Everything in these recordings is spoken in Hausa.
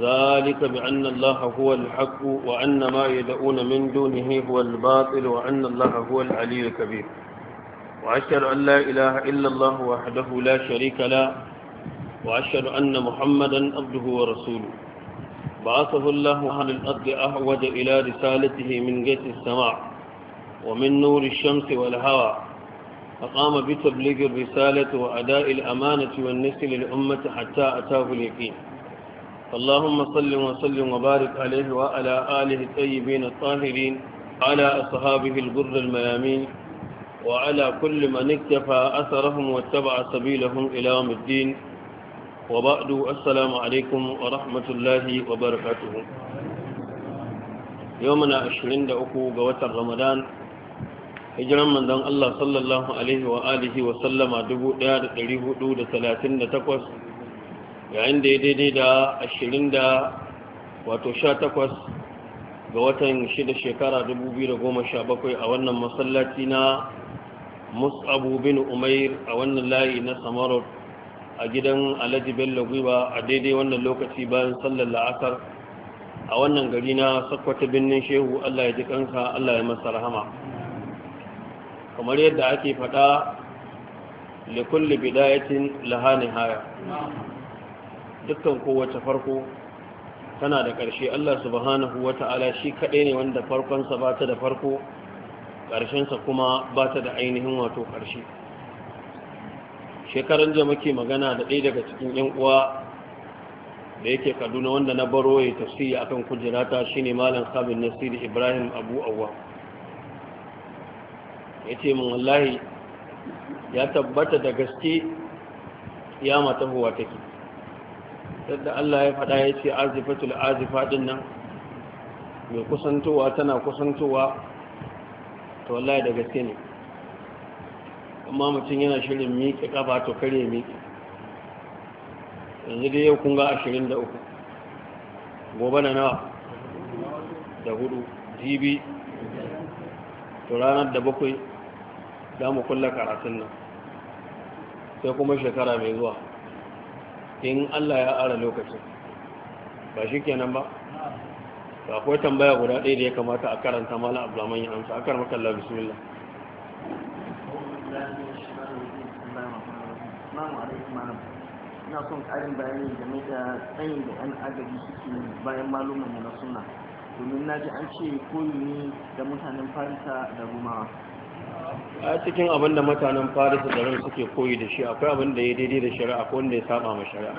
ذلك بأن الله هو الحق وأن ما يدعون من دونه هو الباطل وأن الله هو العلي الكبير وأشهد أن لا إله إلا الله وحده لا شريك له وأشهد أن محمدا عبده ورسوله بعثه الله على الأرض أعود إلى رسالته من جيش السماء ومن نور الشمس والهوى فقام بتبليغ الرسالة وأداء الأمانة والنسل للأمة حتى أتاه اليقين اللهم صل وسلم وبارك عليه وعلى آله الطيبين الطاهرين على أصحابه الغر الميامين وعلى كل من اكتفى أثرهم واتبع سبيلهم إلى يوم الدين وبعد السلام عليكم ورحمة الله وبركاته يومنا عشرين دعوكو قوة رمضان hijiran manzon Allah sallallahu alaihi wa alihi wa sallama 1438 yayin da ya daidai da ashirin da wato sha takwas ga watan shida shekara dubu biyu da goma sha bakwai a wannan masallaci na mus'abu bin umair a wannan layi na samaro a gidan alhaji bello gwiwa a daidai wannan lokaci bayan sallar la'asar a wannan gari na sakwata birnin shehu allah ya ji kansa allah ya masa rahama kamar yadda ake faɗa likulli bidayatin lahanin haya. dukkan kowace farko tana da ƙarshe Allah subhanahu Ta'ala shi kaɗai ne wanda farkonsa ba ta da farko ƙarshensa kuma ba ta da ainihin wato ƙarshe shekaran da muke magana da ɗaya daga cikin 'yan uwa da yake kaduna wanda na baro ya tafsiri akan kujerata shine malam sabin nasiri ibrahim abu Awa. ya ce min wallahi ya tabbata da gaske ya mata huwa take yadda Allah ya faɗa ya ce azifatul azifa din nan mai kusantowa tana kusantowa ta wallahi da gaske ne amma mutum yana shirin miƙe ƙafa to kare miƙe yanzu dai yau kun ga ashirin da uku gobe na nawa da hudu jibi to ranar da bakwai za mu kulla karatun nan sai kuma shekara mai zuwa in Allah ya ara lokacin ba shi kenan ba ba akwai tambaya guda ɗaya da ya kamata a karanta mala ablaman ya amsa akar makalla bismillah ina son ƙarin bayani game da tsayin da 'yan agaji suke bayan da na suna domin na ji an ce koyi ne da mutanen farisa da rumawa a cikin abin da mutanen farisa da ran suke koyi da shi akwai abin da ya daidai da shari'a ko wanda ya saba ma shari'a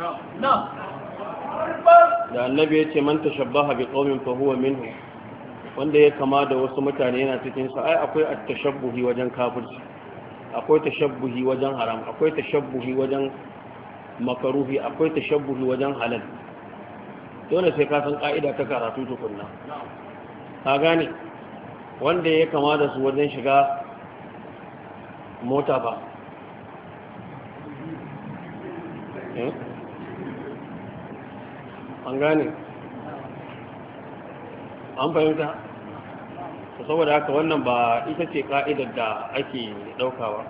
da annabi ya ce man tashabbaha bi qaumin fa huwa minhu wanda ya kama da wasu mutane yana cikin sa ai akwai at-tashabbuhi wajen kafirci akwai tashabbuhi wajen haram akwai tashabbuhi wajen makaruhi akwai tashabbuhi wajen halal dole sai ka san ka'ida ta karatu tukunna ka gane wanda ya kama da su wajen shiga mota ba eh? an gane an fahimta saboda haka wannan ba ita ce ka'idar da ake daukawa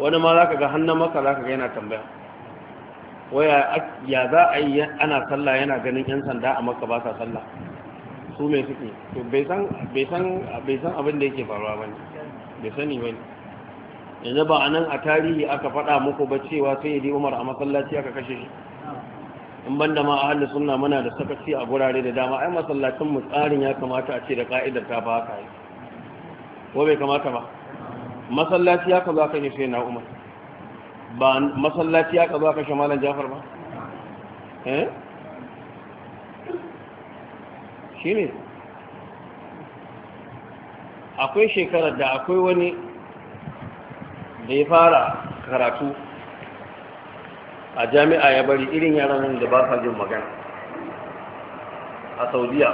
wani ma za ka ga hannun maka za ka ga yana tambaya waya ya za a yi ana sallah yana ganin 'yan sanda a maka ba sa sallah su mai suke bai san abin da yake faruwa ba ne bai sani ba ne yanzu ba a nan a tarihi aka faɗa muku ba cewa sai yi umar a masallaci aka kashe shi in banda ma a halin suna muna da sakaci a gurare da dama ai masallacin mu tsarin ya kamata a ce da ka'idar ta ba ka yi ko bai kamata ba masallaci ya kaza kashe sai na umar ba masallaci ya kaza kashe malam jafar ba eh shine akwai shekarar da akwai wani da ya fara karatu a jami'a ya bari irin yaran nan da ba sa jin magana a saudiya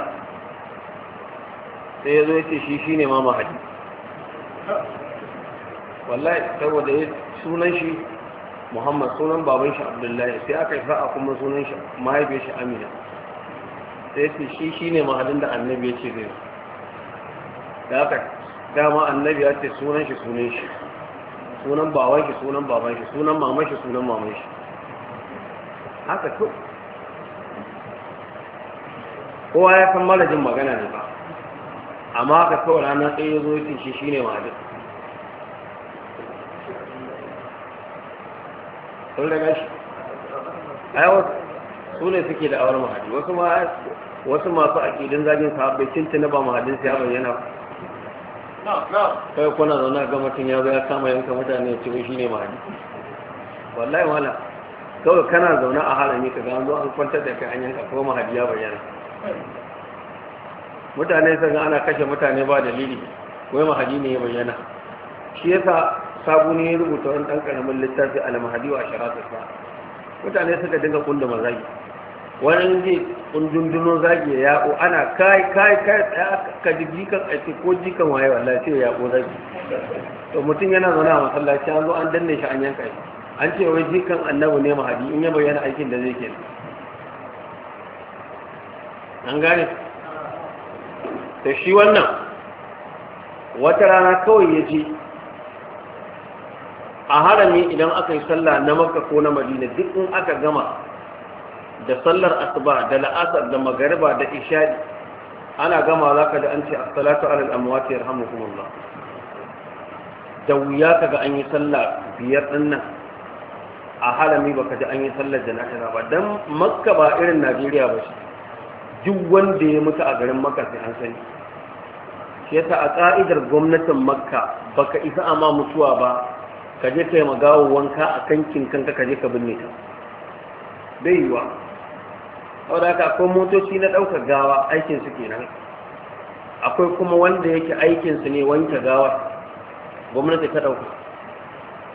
sai ya zo ya ce shi shi ne ma haji wallahi saboda ya sunan shi muhammad sunan baban shi abdullahi sai aka yi fa'a kuma sunan shi mahaifin shi amina sai ce shi shi ne mahadin da annabi ya ce zai da aka dama annabi ya ce sunan shi sunan shi sunan bawan shi sunan baban shi sunan maman shi sunan maman shi haka to kowa ya san mara jin magana ne ba amma haka kawai rana sai ya zo shi shine mahadin sun daga shi ai wasu su ne suke da awar mahadi wasu ma wasu masu akidin zagin sahabbai cinta na ba mahadin sai ya bayyana kai kuna zauna ga mutum ya ya kama yanka mutane ya ce shi ne mahadi wallahi wala kawai kana zaune a halami ka ga an zo an kwantar da kai an yanka ko mahadi ya bayyana mutane sun ana kashe mutane ba dalili wai mahadi ne ya bayyana shi yasa sabu ne ya rubuta wani dan karamin littafi al-mahadi wa asharatu sa mutane suka dinga kunda mazaki wani zai kundunduno zage ya yaƙo ana kai kai kai ka ji jikan aiki ko jikan waye wallahi sai ya yaƙo zage to mutum yana zauna a masallaci an zo an danne shi an yanka shi an ce wai jikan annabi ne mahadi in ya bayyana aikin da zai kenan an gane to shi wannan wata rana kawai ya ji a harami idan aka yi sallah na makka ko na madina duk in aka gama da sallar asuba da la'asar da magariba da ishadi ana gama za ka da an ce assalatu alal amwati yarhamukumullah da wuya ka ga an yi sallah biyar dinnan a halami baka ji an yi sallar jana'iza ba dan makka ba irin najeriya ba shi duk wanda ya mutu a garin makka sai an sani shi yasa a ka'idar gwamnatin makka baka isa ma mutuwa ba ka je ka yi magawo wanka a kankin kanka ka je ka binne ta bai yiwa saboda haka akwai motoci na ɗaukar gawa aikin kenan akwai kuma wanda yake aikin ne wanke gawa gwamnati ta ɗauka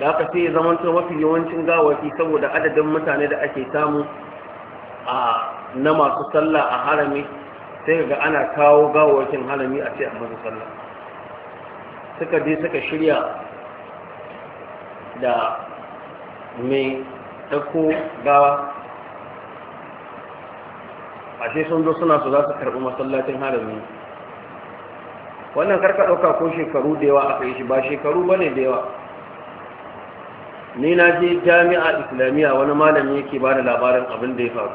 da aka sai zamantar mafi yawancin gawaki saboda adadin mutane da ake samu a na masu sallah a harami sai ga ana kawo gawakin harami a ce a masu sallah suka je suka shirya da mai ɗauko gawa sai sun zo suna su za su karɓi masallacin harami wannan karka ɗauka ko shekaru da yawa aka yi shi ba shekaru ba ne da yawa ni na je jami'a islamiyya wani malami yake ba da labarin abin da ya faru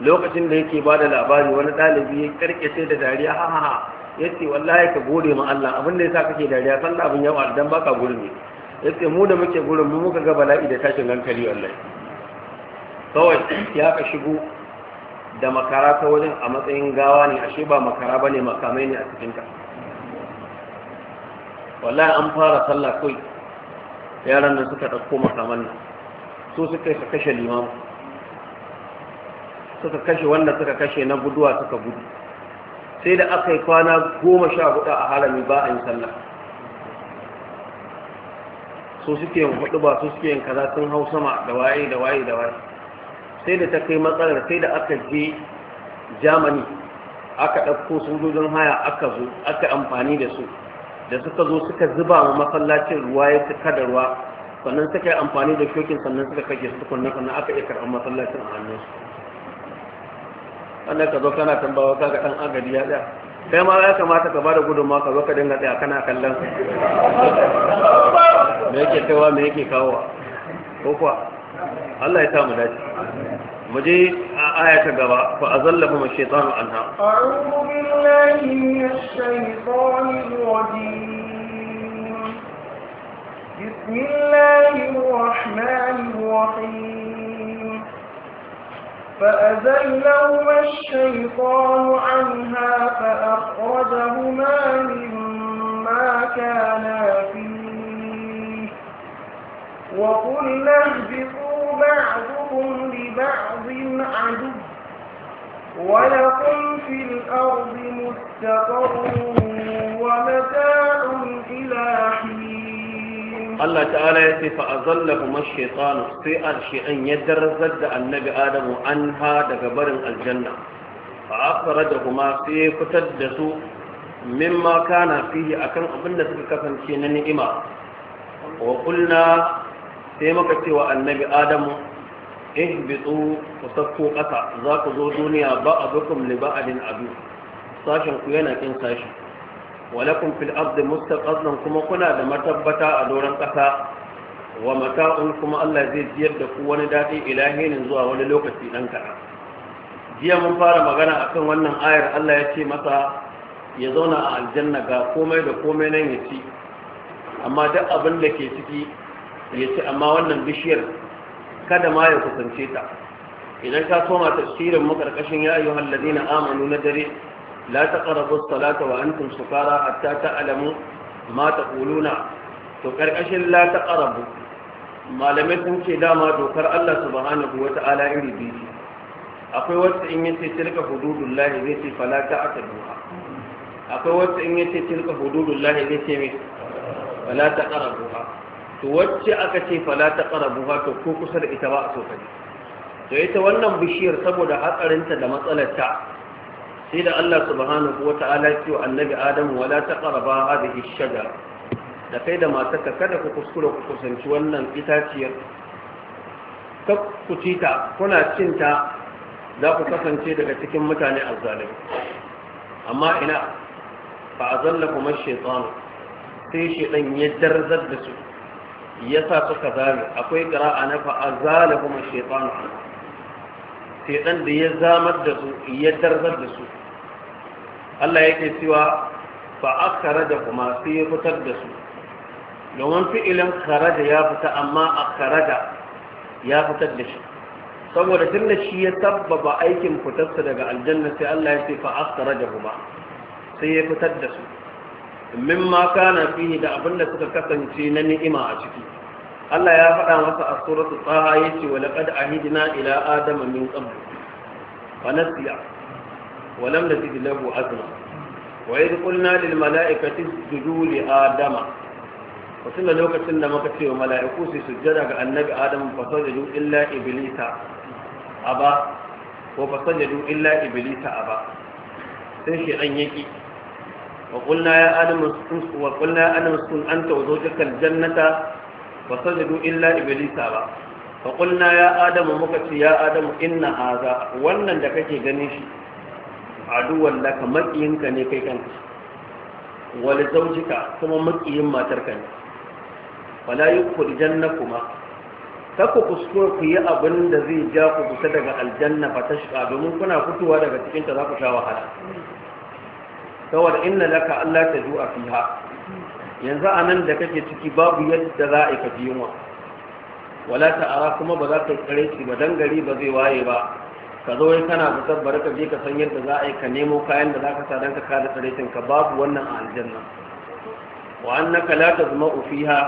lokacin da yake ba da labari wani ɗalibi ya sai da dariya ha ha ya ce wallahi ka gode ma Allah abin da ya sa kake dariya sallah abin yawa dan baka gurin ne ya ce mu da muke gurin mu muka ga bala'i da tashin hankali wallahi kawai ya ka shigo da makara ta wajen a matsayin gawa ne ashe ba makara ba ne makamai ne a cikinka wallahi an fara sallah kai yaran nan suka ɗauko makaman nan so suka yi kashe limamu suka kashe wanda suka kashe na guduwa suka gudu sai da aka yi kwana goma sha hudu a harami ba a yi sallah so suke yin hudu ba su suke yin kaza sun hau sama da waye da waye da waye sai da ta kai matsalar sai da aka je germany aka ɗauko sojojin haya aka zo aka amfani da su da suka zo suka zuba wa masallacin ruwa ya cika da ruwa sannan suka yi amfani da shokin sannan suka kake su tukunna sannan aka iya karɓar masallacin a hannun su wannan ka zo kana tambawa kaga ɗan agadi ya tsaya kai ma ya kamata ka bada gudunmawa ka zo ka dinga tsaya kana kallon me yake kaiwa me yake kawowa ko kuwa الله يتام ذلك مجي آية قراء فأظلهم الشيطان عنها أعوذ بالله من الشيطان الرجيم بسم الله الرحمن الرحيم فأزلهم الشيطان عنها فأخرجهما مما كانا فيه وقلنا اهبطوا بعضهم لبعض عدو ولكم في الأرض مستقر ومتاع إلى حين الله تعالى يتي فأظلهم الشيطان في أن يدرزد النبي آدم عنها دقبر الجنة فأخرجهما في فتدسوا مما كان فيه أكن أبن سككفا كينا إما وقلنا sai maka cewa annabi adamu ihbitu ku sakko kasa za ku zo duniya ba a bukum li ba'adin abu sashen ku yana kin sashi walakum fil ardi mustaqarrun kuma kuna da matabbata a doron ƙasa wa mata'un kuma Allah zai jiyar da ku wani daɗi ne zuwa wani lokaci dan kaɗan jiya mun fara magana akan wannan ayar Allah ya ce masa ya zauna a aljanna ga komai da komai nan ya ci amma duk abin da ke ciki ya ce amma wannan bishiyar kada ma ya kusance ta idan ka koma soma tafsirin makarkashin ya ayyuhal na amanu na dare la taqrabu as-salata wa antum fara hatta ta'lamu ma ƙuluna, to karkashin la taqrabu malamai sun ce dama dokar Allah su ku, wata ala iri biyu akwai wacce in yace tilka hududullahi zai ce fala ta'taduha akwai wacce in yace tilka hududullahi zai ce me fala taqrabuha to wacce aka ce fala ta ƙarabu haka ko kusa da ita ba a tsofani to ita wannan bishiyar saboda hatsarinta da matsalarta sai da Allah subhanahu wa ta'ala ce annabi Adam wala ta ƙaraba hadhihi shajara da kai da matarka kada ku kuskura ku kusanci wannan itaciyar ka ku ci ta kuna cin ta za ku kasance daga cikin mutane azzalimi amma ina fa zalla kuma shaytan sai shaytan ya darzar da su yasa suka zame akwai qira'a na fa azalahum ash-shaytan shaytan da ya zamar da su ya darzar da su Allah yake cewa fa akhara da kuma sai ya fitar da su domin fi'ilin kharaja ya fita amma a akharaja ya fitar da shi saboda tun da shi ya sabbaba aikin fitarsa daga aljanna sai Allah ya ce fa akhara da kuma sai ya fitar da su mimma kana fihi da abin da suka kasance na ni'ima a ciki Allah ya faɗa masa a suratul Taha yace wa laqad ahidna ila adama min qabl wa nasiya wa lam nazid lahu azma wa idh qulna lil mala'ikati isjudu li adama wasu da lokacin da muka ce wa mala'iku su sujjada ga annabi adam fa sajadu illa iblisa aba ko fa sajadu illa iblisa aba sai shi an yaki وقلنا يا آدم اسكن وقلنا يا آدم اسكن أنت وزوجك الجنة فسجدوا إلا إبليس أبى فقلنا يا آدم مكت يا آدم إن هذا wannan da جنيش ganin لك مكين laka makiyinka ne kai kanka wal zaujika kuma makiyin matarka ne wala yukhrijannakuma kuskure ku yi abin da zai ja ku kusa daga aljanna ba fa tashqa domin kuna fitowa daga cikin ta za ku sha wahala saboda inna laka Allah ta zuwa fiha yanzu a nan da kake ciki babu yadda za a yi kafi yunwa wala ta'ara kuma ba za ka tsare shi ba dan gari ba zai waye ba ka zo wai kana fitar bari ka je ka san yadda za a yi ka nemo kayan da za ka sa dan ka kada tsare ka babu wannan a aljanna wa annaka la tazma'u fiha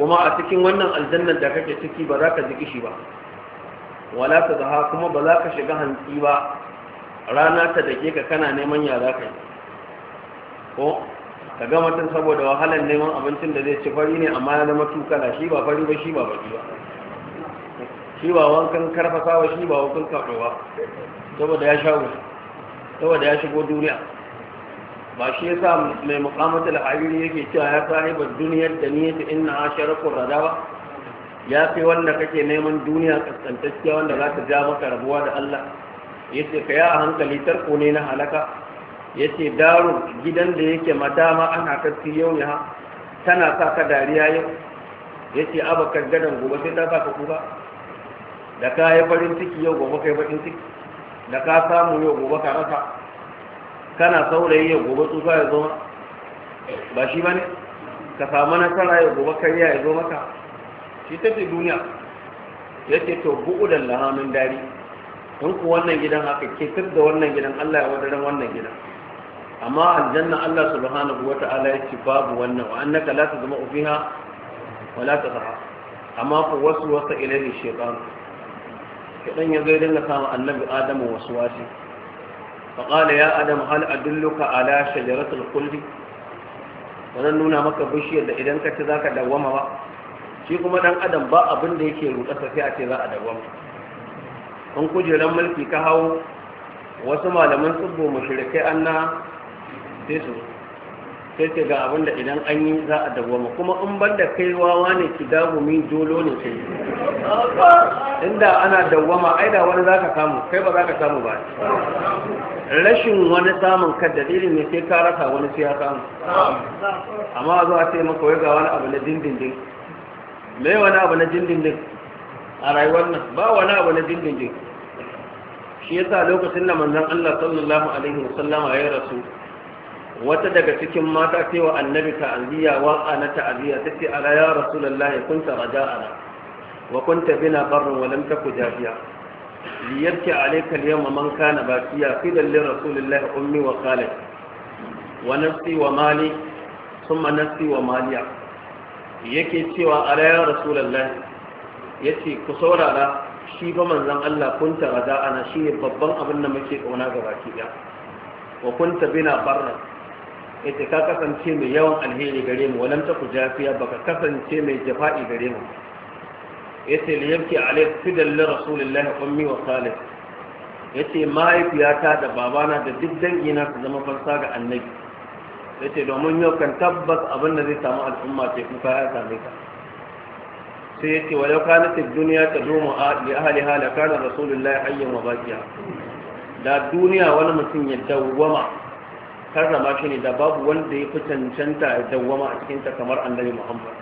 kuma a cikin wannan aljannar da kake ciki ba za ka ji kishi ba wala ta zaha kuma ba za ka shiga hantsi ba rana ta dake ka kana neman ya za ka yi ko ka ga mutum saboda wahalar neman abincin da zai ci fari ne amma ya zama tukala shi ba fari ba shi ba baki ba shi ba wankan karfasawa shi ba wankan ba saboda ya sha wuce saboda ya shigo duniya ba shi ya sa mai mukamatul hariri yake cewa ya ba duniyar da niyyata inna a rada ba ya fi wanda kake neman duniya kaskantacciya wanda za ta ja maka rabuwa da Allah Ya ce ka ya a hankali tarko ne na halaka ya ce daru gidan da yake Madama ana kafi yau ya tana sa ka dariya yau ya ce kan gadon gobe sai ta sa ka kuka da ka yi farin ciki yau gobe kai farin ciki da ka samu yau gobe ka rasa kana saurayi yau gobe tsufa ya zo ba shi ba ne ka samu nasara yau gobe kariya ya zo maka shi ta duniya ya ce to bu'u da lahamin dari in ku wannan gidan haka ke da wannan gidan allah ya wadaran wannan gidan amma aljanna Allah subhanahu ta'ala ya ci babu wannan wa annaka la tazma'u fiha wa la tazha amma ku wasu wasa ilayhi shaytan kidan ya zai dinga samu annabi adamu waswasi fa qala ya adam hal adulluka ala shajaratil khuldi wannan nuna maka bishiyar da idan ka ci zaka dawwama ba shi kuma dan adam ba abin da yake rutsa sai a ce za a dawwama kun kujeran mulki ka hawo wasu malaman tsubbo mashirikai anna sai su sai ta ga abin da idan an yi za a dawwama kuma in ban da kai wawa ne ki min dolo ne kai inda ana dawwama ai da wani zaka samu kai ba zaka samu ba rashin wani samun ka dalilin ne sai ka rasa wani sai ya samu amma zo a ce maka wai ga wani abu na dindindin me wani abu na dindindin a rayuwar nan ba wani abu na dindindin shi yasa lokacin da manzon Allah sallallahu alaihi wasallama ya rasu wata daga cikin mata ce wa annabi ta'aziyya wa ana ta'aziyya tace ala ya rasulullah kunta raja'ana wa kunta bina barin wa lam taku jafiya liyabki alayka al-yawma man kana bakiya fidan li rasulillah ummi wa khalid wa nafsi wa mali thumma nafsi wa maliya yake cewa ala ya rasulullah yace ku saurara shi ba manzon Allah kun taraza ana shi ne babban abin da muke kauna ga baki da wa kun bina barra ita ka kasance mai yawan alheri gare mu walam taku jafiya baka kasance mai jafa'i gare mu yace li yabki alayhi fidal li rasulillahi ummi wa salih yace mahaifiyata da babana da duk dangina su zama farsa ga annabi yace domin yau kan tabbas abin da zai samu al'umma ce kuka ya same ka sai yace wa law duniya ta dunya a li ahli la kana rasulullahi hayyan wa baqiya da duniya wani mutum ya dawwama karrama shi ne da babu wanda ya fi cancanta ya dawwama a cikinta kamar annabi muhammad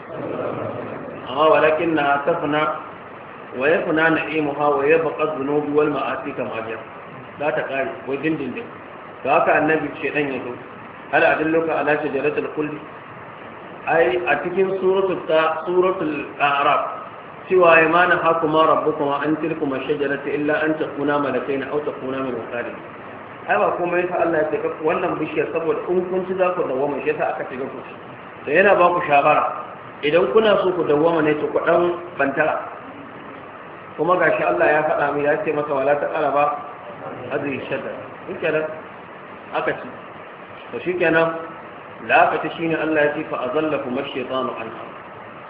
amma walakin na tafna wa ya funa na'imuha wa ya baka zunubi wal ma'asi kama jar za ta kare wai dindindin da haka annabi ce dan ya zo hal adulluka ala shajaratul kulli ai a cikin suratul ta suratul a'raf cewa ya mana hakuma kuma an tilkuma shajarata illa an takuna malakaina aw kuna mai wakalin ai ba komai yasa Allah ya ce wannan bishiyar saboda in kun ci za ku dawwama shi yasa aka ce ku ci yana ba ku shawara idan kuna so ku dawwama ne to ku dan bantara kuma gashi Allah ya faɗa mu ya ce masa wala ta qalaba hadhihi shadda shikenan aka ci to shikenan la ka ta shine Allah ya ce fa azallahu mashaytanu anha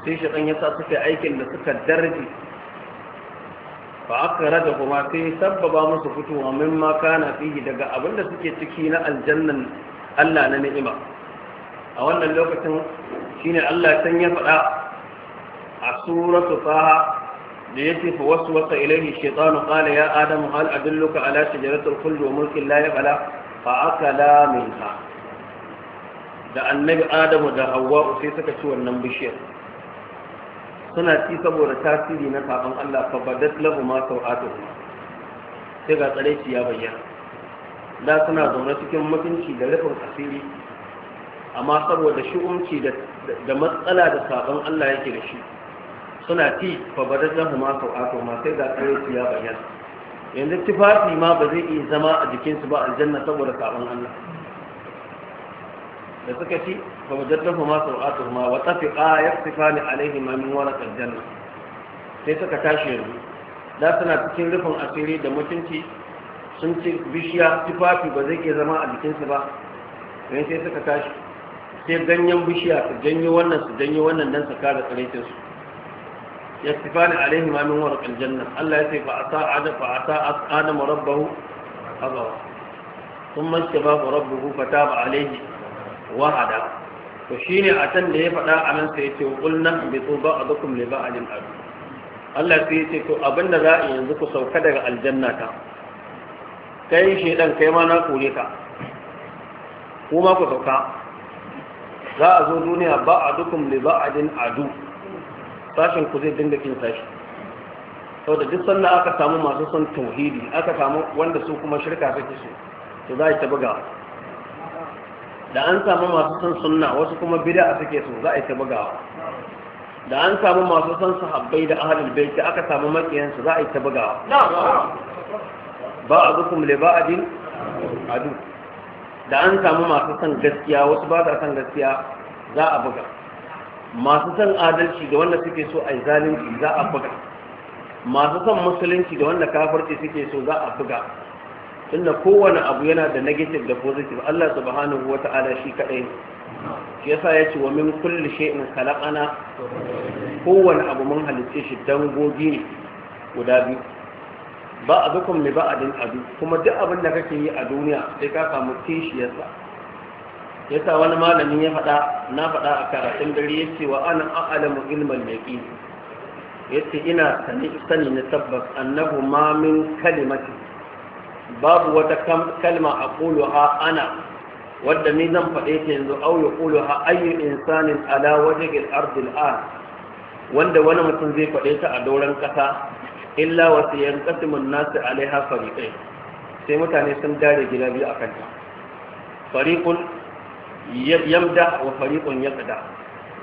sai shaytan ya sa suka aikin da suka darje fa’akara da kuma ta sabbaba musu fitowa min ma kana fiye daga abinda suke ciki na aljannan Allah na ni’ima a wannan lokacin shine Allah san ya faɗa a suratu faha da ya tefi wasu wata ilahi shekaru ƙala ya adam hal a dulluka ala shijaratar kullu mulkin layi ala fa’akala min ha da annabi adamu da hawa'u sai suka ci wannan bishiyar suna ci saboda tasiri na sabon Allah fa badat lahu ma sau'atu sai ga tsare ya bayyana da suna zaune cikin mutunci da rufin asiri amma saboda shi'umci da matsala da sabon Allah yake da shi suna ci fa badat lahu ma sau'atu ma sai ga tsare ya bayyana yanzu tufafi ma ba zai iya zama a jikinsu ba aljanna saboda sabon Allah da suka ci fa mujaddahu ma sur'atuhu ma wa tafiqa yaqtifani Alayhi ma min waraq aljanna sai suka tashi yanzu da suna cikin rufin asiri da mutunci sun ci bishiya tufafi ba zai ke zama a su ba sai sai suka tashi sai ganyen bishiya su janyo wannan su janyo wannan don su kare tsaraitin su ya alayhi ma min warq aljanna Allah ya ce fa ata ada fa ata asqana rabbahu abawa ثم istabahu ربه fataba عليه wahada to shine a can da ya faɗa a nan sai yace qulna bi ba'dukum li ba'din adu Allah sai ce to abinda za a yanzu ku sauka daga aljanna ta kai shedan kai ma na kore ka ku ma ku sauka za a zo duniya ba a ba'dukum li ba'din adu Sashen ku zai dinga kin sashi Sau da duk sannan aka samu masu son tauhidi aka samu wanda su kuma shirka suke su, to za a yi ta buga da an samu masu son sunna wasu kuma bid'a suke so za a yi ta bugawa da an samu masu son sahabbai da ahlul baiti aka samu makiyansu za a yi ta bugawa ba a zukum le ba adin adu da an samu masu son gaskiya wasu ba sa son gaskiya za a buga masu son adalci da wanda suke so a yi zalunci za a buga masu son musulunci da wanda kafirci suke so za a buga tunda kowane abu yana da negative da positive Allah subhanahu wa ta'ala shi kadai shi yasa ya ce wa min kulli shay'in khalaqana kowane abu mun halitta shi dangogi ne guda biyu ba a li mai ba'adin adu kuma duk abin da kake yi a duniya sai ka samu kishiyarsa yasa wani malamin ya faɗa na faɗa a karatun dare ya ce wa ana a'alamu ilman yaqi yace ina sani sani na tabbas annahu ma min kalimatin babu wata kalma a ƙuluha ana wadda ni zan faɗe ta yanzu au ya ƙuluha ayyu insanin ala gil ardil a wanda wani mutum zai faɗe ta a doron ƙasa illa wasu ƙasimin nasu alaiha fariƙai, sai mutane sun dare gida biyu a kanta. fariƙun yamda wa ya yaqda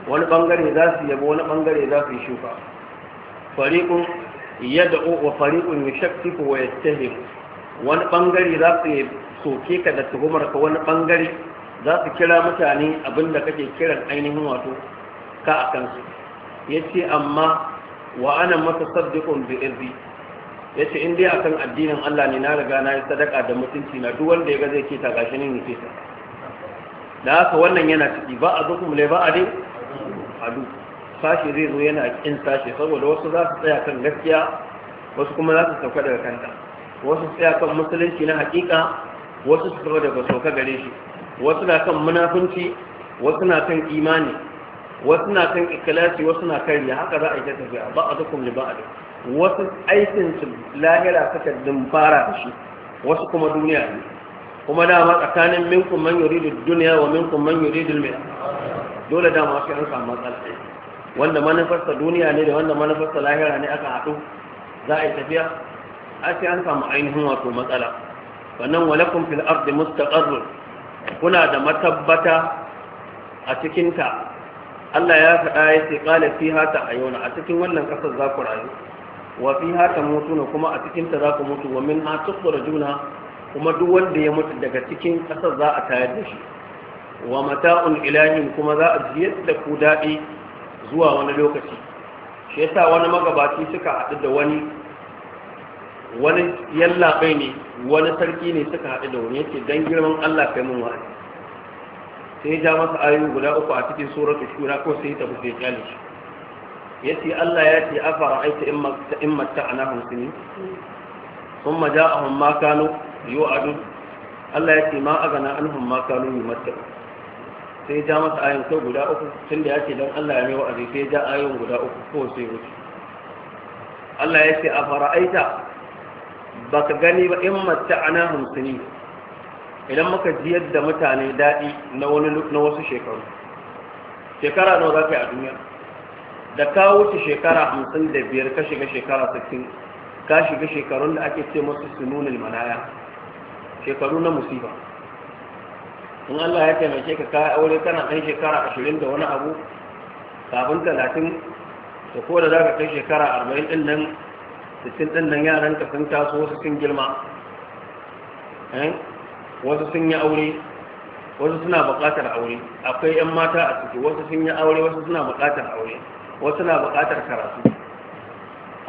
wani ɓangare za su yabo wani ɓangare, za su yi shuka fariqun yadda wa shakti ko ya yattahimu wani bangare za su soke ka da tuhumar ka wani bangare za su kira mutane abinda kake kiran ainihin wato ka a kansu ya ce amma wa ana masa sabbikun da irzi ya ce in dai akan addinin Allah ne na riga na yi sadaka da mutunci na duk wanda ya ga zai keta gashi ne nufe ta da haka wannan yana ciki ba a kuma lai ba a dai hadu sashi zai zo yana kin sashi saboda wasu za su tsaya kan gaskiya wasu kuma za su sauka daga kanta wasu tsaya kan musulunci na hakika wasu su gaba daga ka gare shi wasu na kan munafunci wasu na kan imani wasu na kan ikilasi wasu na kan riya haka za a yi ta tafiya ba a dukkan liba a wasu aikin su lahira suka dumfara da shi wasu kuma duniya ne kuma dama tsakanin minkum man yuridu duniya wa minkum man yuridu mai dole dama sai an samu matsala wanda manufarsa duniya ne da wanda manufarsa lahira ne aka haɗu za a yi tafiya sai an samu ainihin wato matsala wannan walakum fil ardi mustaqarr kuna da matabbata a cikin ta Allah ya faɗa ya ce qala fiha ta'ayuna a cikin wannan kasar za ku rayu wa fiha tamutuna kuma a cikin ta za ku mutu wa minha juna? kuma duk wanda ya mutu daga cikin kasar za a tayar da shi wa mata'un ilahin kuma za a ji da ku daɗi zuwa wani lokaci shi yasa wani magabaci suka haɗu da wani wani yallaɓe ne wani sarki ne suka haɗu da wani yake don girman Allah kai mun wa'azi sai ja masa ayu guda uku a cikin suratul shura ko sai ta tafi kyali Ya ce Allah ya ce afara aita in matta ne sun ana ja a ja'ahum ma wa adu Allah ya ce ma a an hun ma yi matta? sai ja masa ayoyin kai guda uku da ya ce don Allah ya mai wa'azi sai ja ayoyin guda uku ko sai wuce Allah ya ce fara aita ba ka gani ba in mace ana hamsini idan muka ji yadda mutane daɗi na wasu shekaru shekara nawa za ka yi a duniya da ka wuce shekara hamsin da biyar ka shiga shekara sittin ka shiga shekarun da ake ce masu sununin manaya shekaru na musiba in Allah ya taimake ka kayi aure kana ɗan shekara ashirin da wani abu kafin talatin da ko da za ka kai shekara arba'in ɗin nan cikin ɗin nan yaran ka sun taso wasu sun girma eh? wasu sun yi aure wasu suna buƙatar aure akwai 'yan mata a ciki wasu sun yi aure wasu suna buƙatar aure wasu suna buƙatar karatu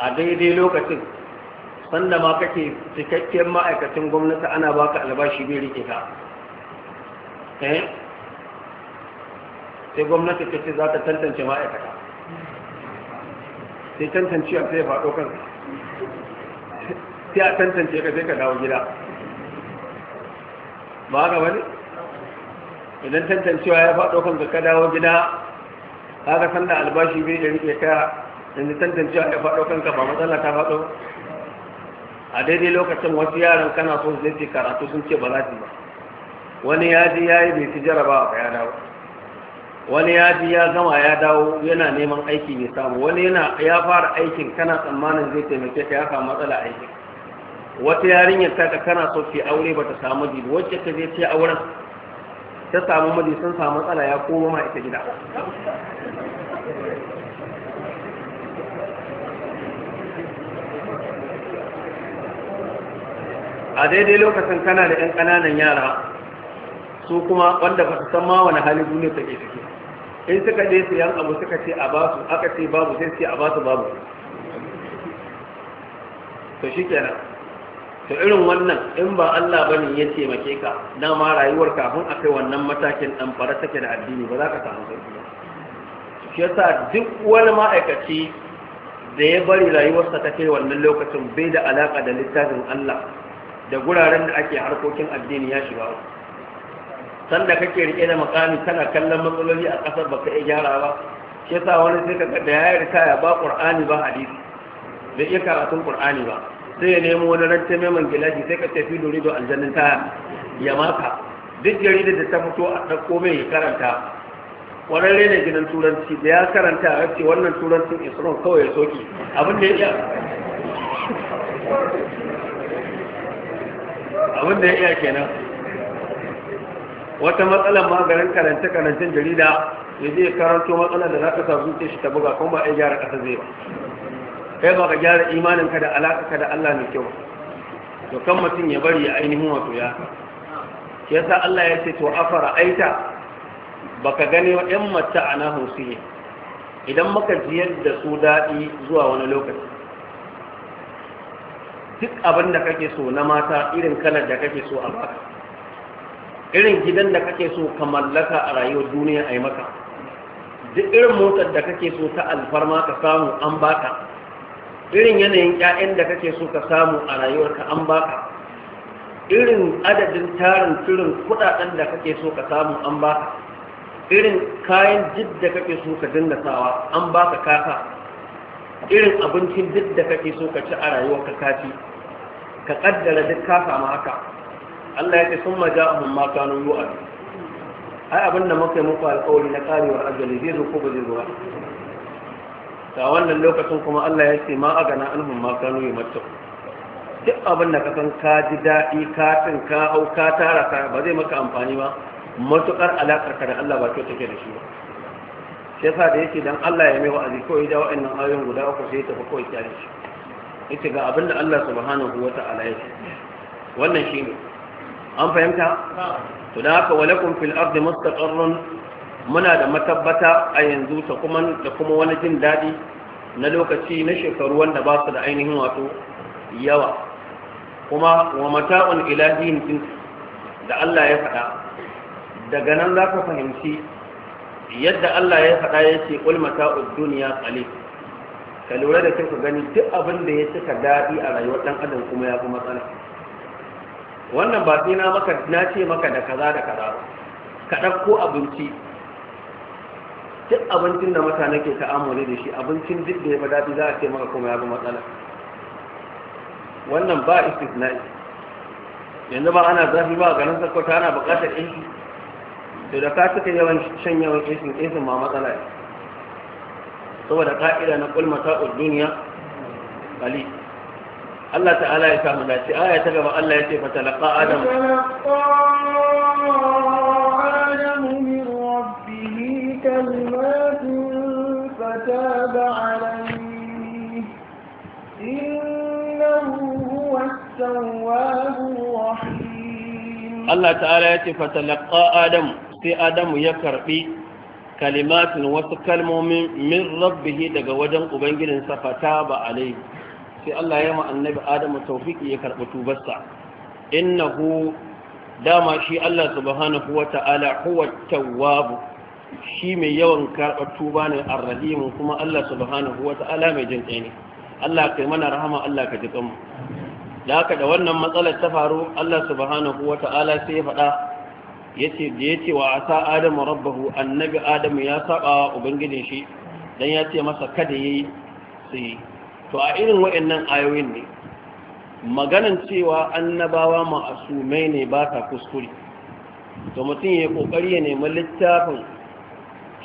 a daidai lokacin sanda ma kake cikakken ma'aikacin gwamnati ana baka albashi bai rike ka eh? sai gwamnati ta ce za ta tantance ma'aikata sai tantance a sai faɗo kansa sai a tantance ka sai ka dawo gida ba haka bane idan tantancewa ya faɗo kan ka dawo gida haka san da albashi bai da rike ka yanzu tantancewa ya faɗo ka ba matsala ta faɗo a daidai lokacin wasu yaran kana so su je karatu sun ce ba za su ba wani ya ji ya yi bai ci jaraba ba ya dawo wani ya ji ya gama ya dawo yana neman aiki mai samu wani yana ya fara aikin kana tsammanin zai taimake ka ya samu matsala aikin wata yarinyar ta ka kana so ki aure bata samu miji wacce ta je ce auren ta samu miji sun samu matsala ya koma ma ita gida a daidai lokacin kana da 'yan ƙananan yara su kuma wanda ba su san ma wani hali duniya take ciki in suka je siyan abu suka ce a basu aka ce babu sai ce a basu babu to shi kenan to irin wannan in ba Allah bane ya taimake ka na ma rayuwar kafin a kai wannan matakin dan fara take da addini ba za ka samu sauki ba shi yasa duk wani ma'aikaci da ya bari rayuwarsa ta kai wannan lokacin bai da alaka da littafin Allah da guraren da ake harkokin addini ya shiga sanda kake rike da makami kana kallon matsaloli a ƙasar baka iya gyara ba shi yasa wani sai ka da ya ritaya ba qur'ani ba hadisi bai iya karatun qur'ani ba sai ya nemo wani rance mai mangilaji sai ka tafi dori do aljannin ta ya maka duk jarida da ta fito a ɗauko mai karanta kwararre ne ginin turanci da ya karanta a ce wannan turancin isron kawai ya soke abin da ya iya abin da ya iya kenan wata matsalar maganin karanta karancen jarida ya zai karanto matsalar da za ka sa zuciya shi ta buga kuma ba a gyara ƙasa zai ba kai ba ka gyara imanin ka da alaƙa da Allah mai kyau to kan mutum ya bari ya ainihin wato ya ke sa Allah ya ce to afara aita baka gani wa ɗan mace ana ne, idan muka jiyar da su daɗi zuwa wani lokaci duk abin da kake so na mata irin kalar da kake so a baka irin gidan da kake so ka mallaka a rayuwar duniya a yi maka duk irin motar da kake so ta alfarma ka samu an baka irin yanayin 'ya'yan da kake so ka samu a rayuwar ka an baka irin adadin tarin turin kudaden da kake so ka samu an baka irin kayan jid da kake so ka dinga sawa an baka kasa irin abincin duk da kake so ka ci a rayuwar ka kaci ka kaddara duk ka samu haka Allah ya ce sun maja'ahum ma kanu yu'ad ai abin da muka yi muku alƙawari na karewar ajali zai zo ko ba zai zo ba ta wannan lokacin kuma Allah ya ce ma agana anhum ma kanu yumatta duk abin da ka san ka ji daɗi ka tsin ka hau ka tara ka ba zai maka amfani ba matuƙar alaƙar ka da Allah ba kyau take da shi ba sai sa da yake dan Allah ya mai wa'azi kawai da wa'annan ayoyin guda uku sai ya tafi kawai kyale shi yace ga abin da Allah subhanahu wata'ala ya ce wannan shine an fahimta to da haka walakum fil ardi mustaqarrun muna da matabbata a yanzu ta kuma da kuma wani jin daɗi na lokaci na shekaru wanda ba su da ainihin wato yawa kuma wa mata'un ilahin da Allah ya faɗa daga nan za ka fahimci yadda Allah ya faɗa ya ce ƙul mata'ud duniya ka lura da kai ka gani duk abin da ya cika daɗi a rayuwar ɗan adam kuma ya fi matsala wannan ba sai na maka na ce maka da kaza da kaza ka ɗauko abinci duk abincin da mutane ke ta'amuli da shi abincin duk da ya fi daɗi za a ce maka kuma ya ga matsala wannan ba istisna'i yanzu ba ana zafi ba a garin sakwata ana buƙatar aiki to da ka suka yawan shan yawan aikin aikin ma matsala saboda ka'ida na kulmata duniya kali Allah ta'ala ya samu dace aya ta gaba Allah ya ce fa talaqa adam adamu min rabbih kalimatin fataba alayhi innahu huwas tawwabur rahim Allah ta'ala ya ce fa talaqa adam sai adamu ya karbi kalimatin wasu kalmomin min rabbihi daga wajen ubangijinsa fataba alayhi sai Allah ya ma annabi Adamu tawfiki ya karɓi tubarsa innahu dama shi Allah subhanahu wata'ala huwa tawwab shi mai yawan karɓar tuba ne ar-rahim kuma Allah subhanahu wata'ala mai jin ne Allah kai mana rahama Allah ka ji kanmu da haka da wannan matsalar ta faru Allah subhanahu wa ta'ala sai ya faɗa yace da yace wa asa adamu rabbahu annabi adamu ya saba ubangijin shi dan ya ce masa kada yayi sai to a irin waɗannan ayoyin ne maganan cewa annabawa ma'asumai ne ba ta kuskure to mutum ya kokari ya nemi littafin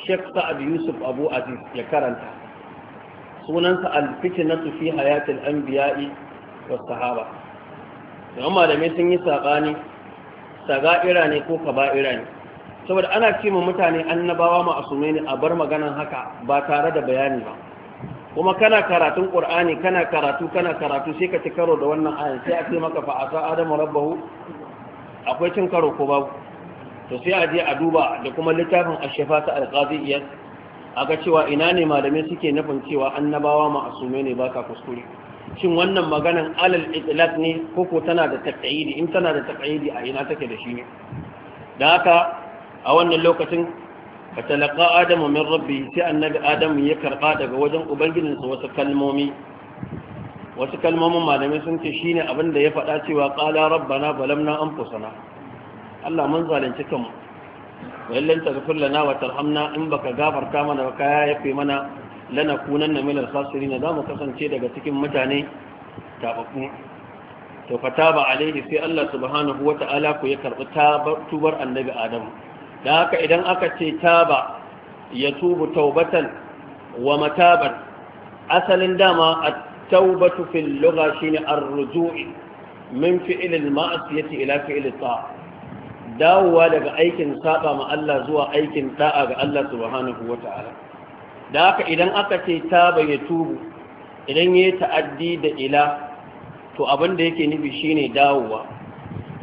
Sheikh Sa'ad Yusuf Abu Aziz ya karanta sunansa al-fitnatu fi hayatil anbiya'i was sahaba da malamai sun yi sabani saga'ira ne ko kaba'ira ne saboda ana cewa mutane annabawa ma'asumai ne a bar maganan haka ba tare da bayani ba kuma kana karatun qur'ani kana karatu kana karatu sai ka ci karo da wannan ayan sai a ce maka fa asa adamu rabbahu akwai cin karo ko babu to sai a je a duba da kuma littafin ashefa ta A aga cewa ina ne malamai suke nufin cewa annabawa ma'asume ne ba ka kuskure shin wannan maganan alal itlaq ne ko ko tana da taqayidi in tana da taqayidi a ina take da shi ne da haka a wannan lokacin Adamu min rabbi sai annabi Adamu ya karba daga wajen ubangijinsa wasu kalmomi wasu kalmomin malamai sun ce shine abin da ya faɗa cewa qala rabbana balamna anfusana Allah mun zalunci kanmu wallan taghfir lana wa tarhamna in baka gafarta mana baka yafe mana milar minal khasirin zamu kasance daga cikin mutane tababbu to fataba alaihi sai Allah subhanahu ta'ala ku ya karbi tubar annabi Adamu. da haka idan aka ce taba ya tubu taubatan wa mataban asalin dama a taubatu fil lugha shine ar-ruju'i min fi'il masiyati ila fi'il at dawowa daga aikin saba ma Allah zuwa aikin da'a ga Allah subhanahu wata'ala da haka idan aka ce taba ya tubu idan yayi ta'addi da ila to abin da yake nufi shine dawowa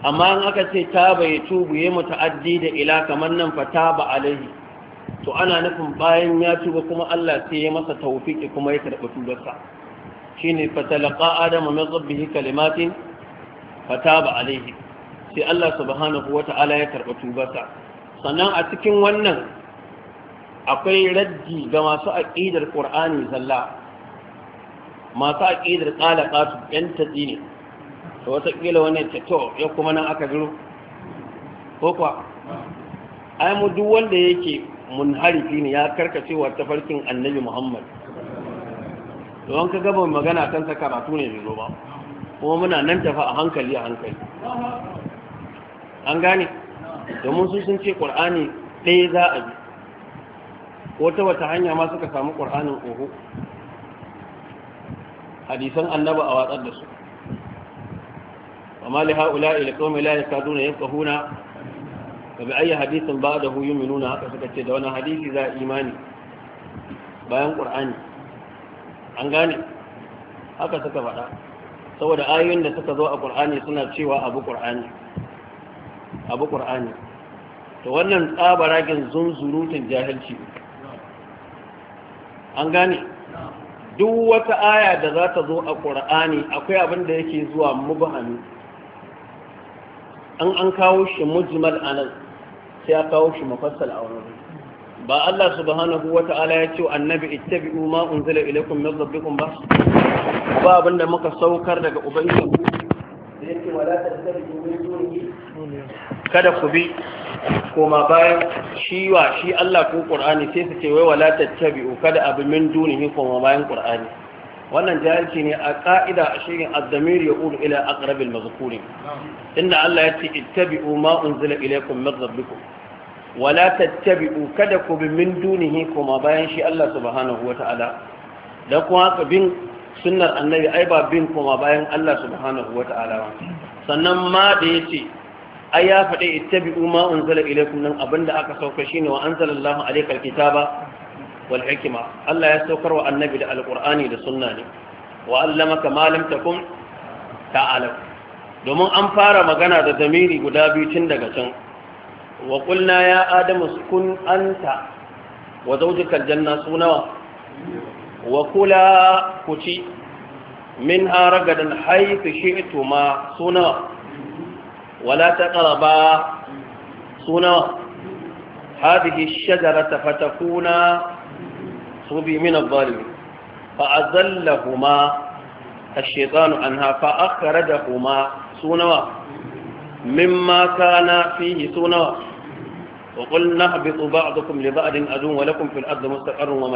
amma in aka ce ta bai tubu ya muta'addi da ila kamar nan fa ba alaihi to ana nufin bayan ya tuba kuma Allah sai ya masa tawfiki kuma ya karɓi tubarsa shine fa talaqa adamu min rabbihi kalimatin fa taba alaihi sai Allah subhanahu wata'ala ya karɓi tubarsa sannan a cikin wannan akwai raddi ga masu aqidar Qur'ani zalla masu aqidar qalaqatu yan tadini to watakila wannan ce to ya kuma nan aka biro ko kuwa ai mu duk wanda yake harifi ne ya karkacewa tafarkin annabi muhammad don ka gaba magana kan sa karatu ne bai zo ba kuma muna nan tafa a hankali a hankali an gane domin su sun ce ƙur'ani ɗaya za a bi wata wata hanya ma suka samu ƙur'anin oho hadisan annaba a watsar da su وما لهؤلاء لقوم لا يكادون يفقهون فبأي حديث بعده يؤمنون haka suka ce da wani hadisi za imani bayan qur'ani an gane haka suka faɗa saboda ayoyin da suka zo a qur'ani suna cewa abu qur'ani abu qur'ani to jahilci an gane duk wata aya da za ta zo a qur'ani akwai abin da yake zuwa mubahani an an kawo shi mujmal anan sai a kawo shi mafassal a wani ba Allah subhanahu wa ta'ala ya ce annabi ittabi'u ma unzila ilaykum min rabbikum ba ba abinda muka saukar daga ubangiji da yake wala tattabi'u min dunihi kada ku bi koma bayan shi wa shi Allah ko Qur'ani sai su ce wai wala tattabi'u kada abu min dunihi koma bayan Qur'ani wannan jahilci ne a ka'ida a shirin addamir ya ulu ila aqrabil mazkurin inda Allah ya ce ittabi'u ma unzila ilaykum min rabbikum wala tattabi'u kada ku bi min dunihi kuma bayan shi Allah subhanahu wata'ala da kuma haka bin sunnar annabi ai ba bin kuma bayan Allah subhanahu wata'ala sannan ma da ya ce ai ya faɗi ittabi'u ma unzila ilaykum nan abinda aka sauka shine wa anzalallahu alaykal kitaba wal Allah ya saukar wa annabi da alqur'ani da sunna ne wa allamaka ma lam takun ta'alam domin an fara magana da zamiri guda biyu tun daga can wa qulna ya adamu kun wa zawjukal janna sunawa wa kula kuci min haragadan haifi shi'tuma sunawa ولا تقربا سنة هذه الشجرة فتكونا su bi min adh-dhalimi fa azallahuma ash-shaytanu anha fa akhrajahuma sunawa mimma kana fihi sunawa wa qulna habitu ba'dukum li ba'din wa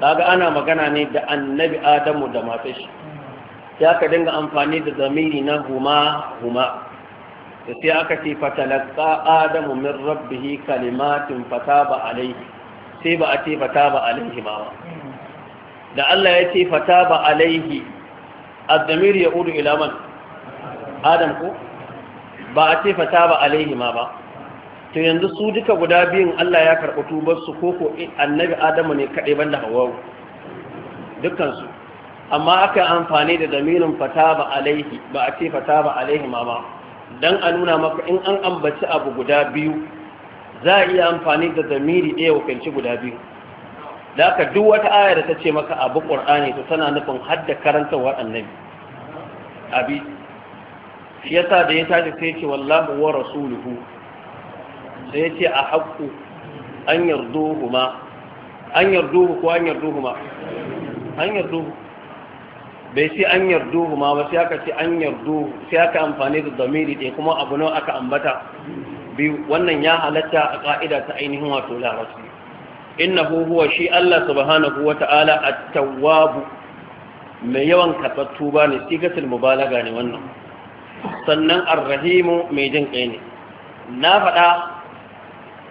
kaga ana magana ne da annabi adamu da matar shi ya ka dinga amfani da zamiri na huma huma da sai aka ce fatalaka adamu min rabbihi kalimatin fataba alaihi sai ba a ce fata ba alaihi ma da Allah ya ce fata ba alaihi azzamir ya udu ilaman adam ko ba a ce fata ba alaihi ma ba to yanzu su duka guda biyun Allah ya karɓi su ko ko annabi adamu ne kaɗai da hawawu dukansu, amma aka amfani da damirin fata ba alaihi ba a ce fata ba alaihi ma ba don a nuna maka in an ambaci abu guda biyu za a iya amfani da zamiri ɗaya wakilci guda biyu da aka duk wata aya da ta ce maka abu ƙur'ani to tana nufin hadda karantarwar annabi abi shi yasa da ya tashi sai ce wallahu wa rasuluhu sai ya ce a haƙƙu an yarduhu ma an yarduhu ko an yarduhu huma an yarduhu bai sai an yarduhu huma ba sai aka ce an yarduhu sai aka amfani da zamiri ɗaya kuma abu nawa aka ambata biyu wannan ya halatta a ka'ida ta ainihin wato larabci Inna huwa shi Allah subhanahu wa at-tawwab mai yawan karɓar tuba ne sigatul mubalaga ne wannan sannan ar-rahimu mai jin kai ne na faɗa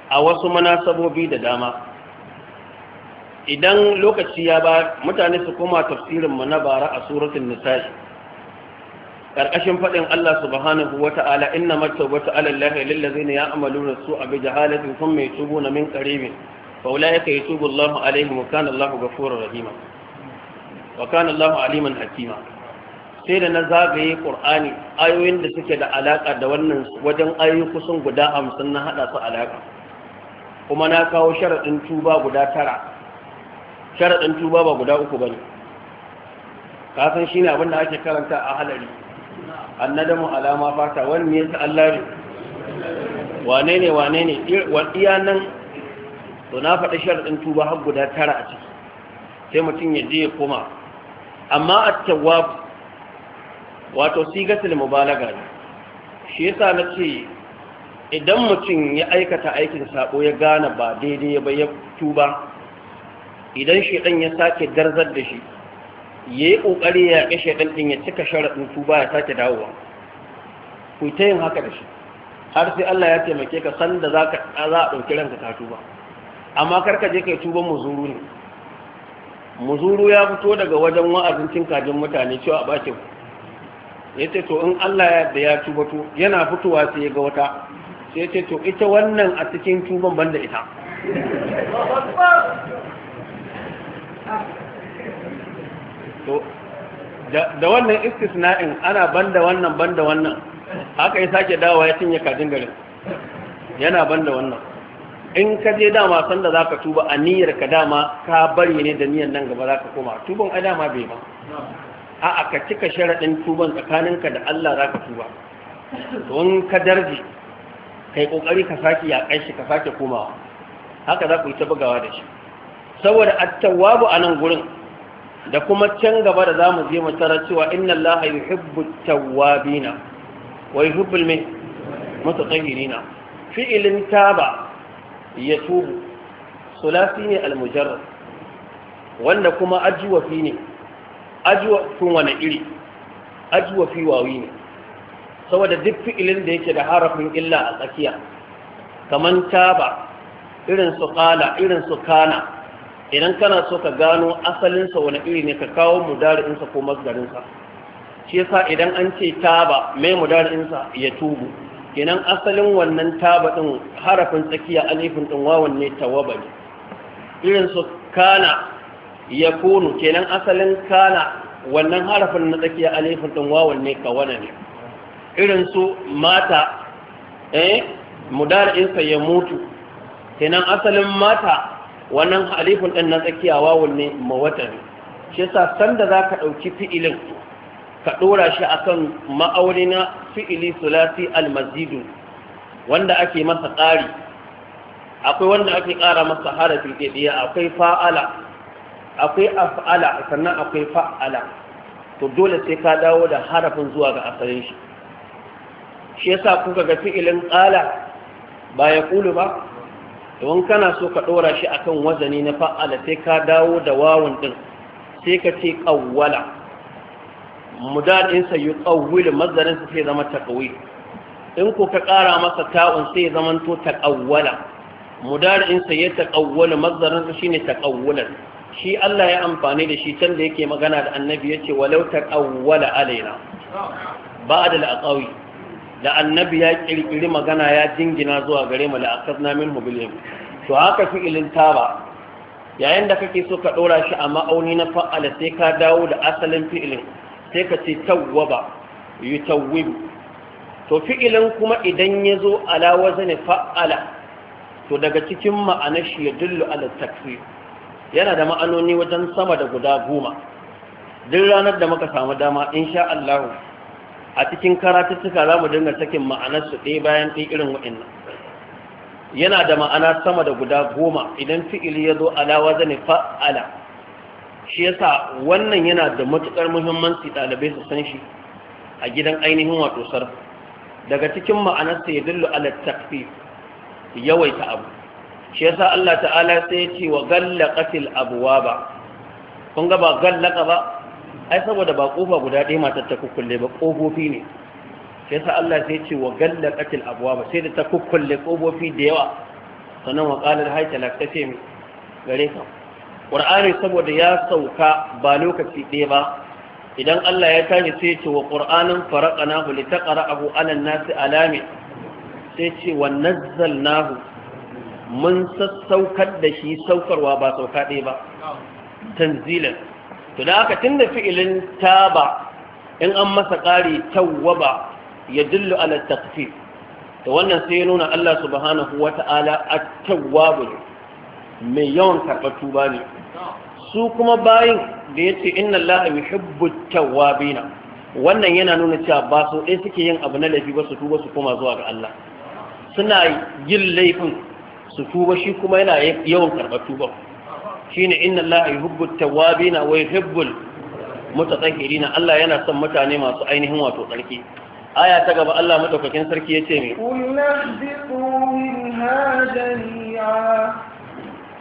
a wasu munasabobi da dama idan lokaci ya ba mutane su koma tafsirin mu na bara a suratul nisa'i karkashin faɗin Allah subhanahu wa ta'ala inna matawbatu ala Allah lil ladzina ya'maluna su'a bi jahalatin thumma yatubuna min qaribin fa ulaika yatubu Allahu alayhi wa kana Allahu ghafurur rahima wa kana Allahu aliman hakima sai da na zagaye Qur'ani ayoyin da suke da alaka da wannan wajen ayoyi kusan guda hamsin na hada su alaka kuma na kawo sharadin tuba guda tara sharadin tuba ba guda uku bane ka san shine abin da ake karanta a halari annadamu alama fata wani ne ya allari wane ne wane ne iya nan to na faɗi sharaɗin tuba har guda tara a ciki sai mutum ya je ya koma amma a tawab wato sigatul mubalaga ne shi yasa na ce idan mutum ya aikata aikin sako ya gane ba daidai ba ya tuba idan shi ya sake garzar da shi ya yi ƙoƙari ya ƙi shaidan ɗin ya cika sharaɗin tuba ya sake dawowa ku ta yin haka da shi har sai Allah ya taimake ka san da za a ɗauki ranka ka tuba amma kar ka je kai tuban muzuru ne muzuru ya fito daga wajen wa'azin cin kajin mutane cewa a bakin ya ce to in Allah da ya tuba to yana fitowa sai ya ga wata sai ce to ita wannan a cikin tuban banda ita to da wannan istisna'in ana banda wannan banda wannan haka ya sake dawa ya cinye kajin garin yana banda wannan in ka je dama san da zaka tuba a niyyar ka dama ka bari ne da niyyar nan gaba zaka koma tuban a dama bai ba a aka cika sharaɗin tuban tsakaninka da Allah zaka tuba don ka darje kai kokari ka sake yakan shi ka sake komawa haka za ku yi ta bugawa da shi saboda at-tawwabu anan gurin da kuma can gaba da zamu je mu cewa inna allaha yuhibbu tawwabina wa yuhibbu al mutatahhirina fi'lin taba yatubu sulasi ne al wanda kuma ajwa fi ne ajwa tun wani iri ajwa fi wawi ne saboda duk fi'ilin da yake da harafin illa a tsakiya kaman taba irin su irin su kana idan kana so ka gano asalinsa wani iri ne ka kawo mudari'insa ko masgarinsa shi yasa idan an ce taba mai mudari'insa ya tubu kenan asalin wannan taba din harafin tsakiya alifin din wawan ne tawaba ne irin su kana ya kunu kenan asalin kana wannan harafin na tsakiya alifin din wawan ne kawana ne irin su mata eh mudari'insa ya mutu kenan asalin mata wannan alifun ɗin na tsakiya wawul ne mawatari shi yasa sanda za ka ɗauki fi'ilin ka ɗora shi akan ma'auni na fi'ili sulasi almazidu wanda ake masa tsari akwai wanda ake ƙara masa harafi ɗaya akwai fa'ala akwai af'ala sannan akwai fa'ala to dole sai ka dawo da harafin zuwa ga asalin shi shi yasa kuka ga fi'ilin ƙala ba ya ƙulu ba don kana so ka ɗora shi akan wazani na fa'ala sai ka dawo da wawan ɗin sai ka ce ƙawwala mudaɗinsa yi ƙawwili mazarinsa sai zama taƙawi in ko ka ƙara masa ta'un sai zama to taƙawwala mudaɗinsa ya taƙawwala mazarinsa shi ne taƙawwalar shi Allah ya amfani da shi can yake magana da annabi yace, ce walau taƙawwala alaina ba da la'aƙawi da annabi ya kirkiri magana ya jingina zuwa gare mu akasna min mubilim to haka fi'ilin taba yayin da kake so ka dora shi a ma'auni na fa'ala sai ka dawo da asalin fi'ilin sai ka ce tawwaba yutawwib to fi'ilin kuma idan ya zo ala wazani fa'ala to daga cikin ma'anar shi ya dillu ala takfir yana da ma'anoni wajen sama da guda goma duk ranar da muka samu dama insha Allah a cikin karatuttuka za mu dinga sakin ma'anarsu ɗaya bayan ɗaya irin wa'in yana da ma'ana sama da guda goma idan fi'ili ya zo alawa zane fa'ala shi yasa wannan yana da matuƙar muhimmanci ɗalibai su san shi a gidan ainihin wato sarf daga cikin ma'anarsa ya dillu ala takfi yawaita abu shi yasa Allah ta'ala sai ya ce wa gallaqatil abwaba kun ga ba gallaqa ba ai saboda ba kofa guda ɗaya matar ta kukkulle ba kofofi ne sai sa Allah sai ce wa galla abwaba sai da ta kukkulle kofofi da yawa sannan wa qala al haytala kace mi gare ka qur'ani saboda ya sauka ba lokaci ɗaya ba idan Allah ya tashi sai ce wa qur'anin li litaqra'ahu 'ala nasi alami sai ce wa nahu mun sassaukar da shi saukarwa ba sauka ɗaya ba tanzilan to da haka tunda fi'ilin taba in an masa ƙari tawwaba ya dillu ala taqfif da wannan sai ya nuna Allah subhanahu wata'ala at-tawwab mai yawan karɓar tuba ne su kuma bayin da ya ce inna Allah yuhibbu tawwabina wannan yana nuna cewa ba su ɗaya suke yin abu na laifi ba su tuba su koma zuwa ga Allah suna yin laifin su tuba shi kuma yana yawan karɓar tuba shine inna allaha yuhibbu at-tawwabina wa yuhibbul mutatahhirina Allah yana son mutane masu ainihin wato tsarki aya ta gaba Allah madaukakin sarki yace me kullu minha jami'a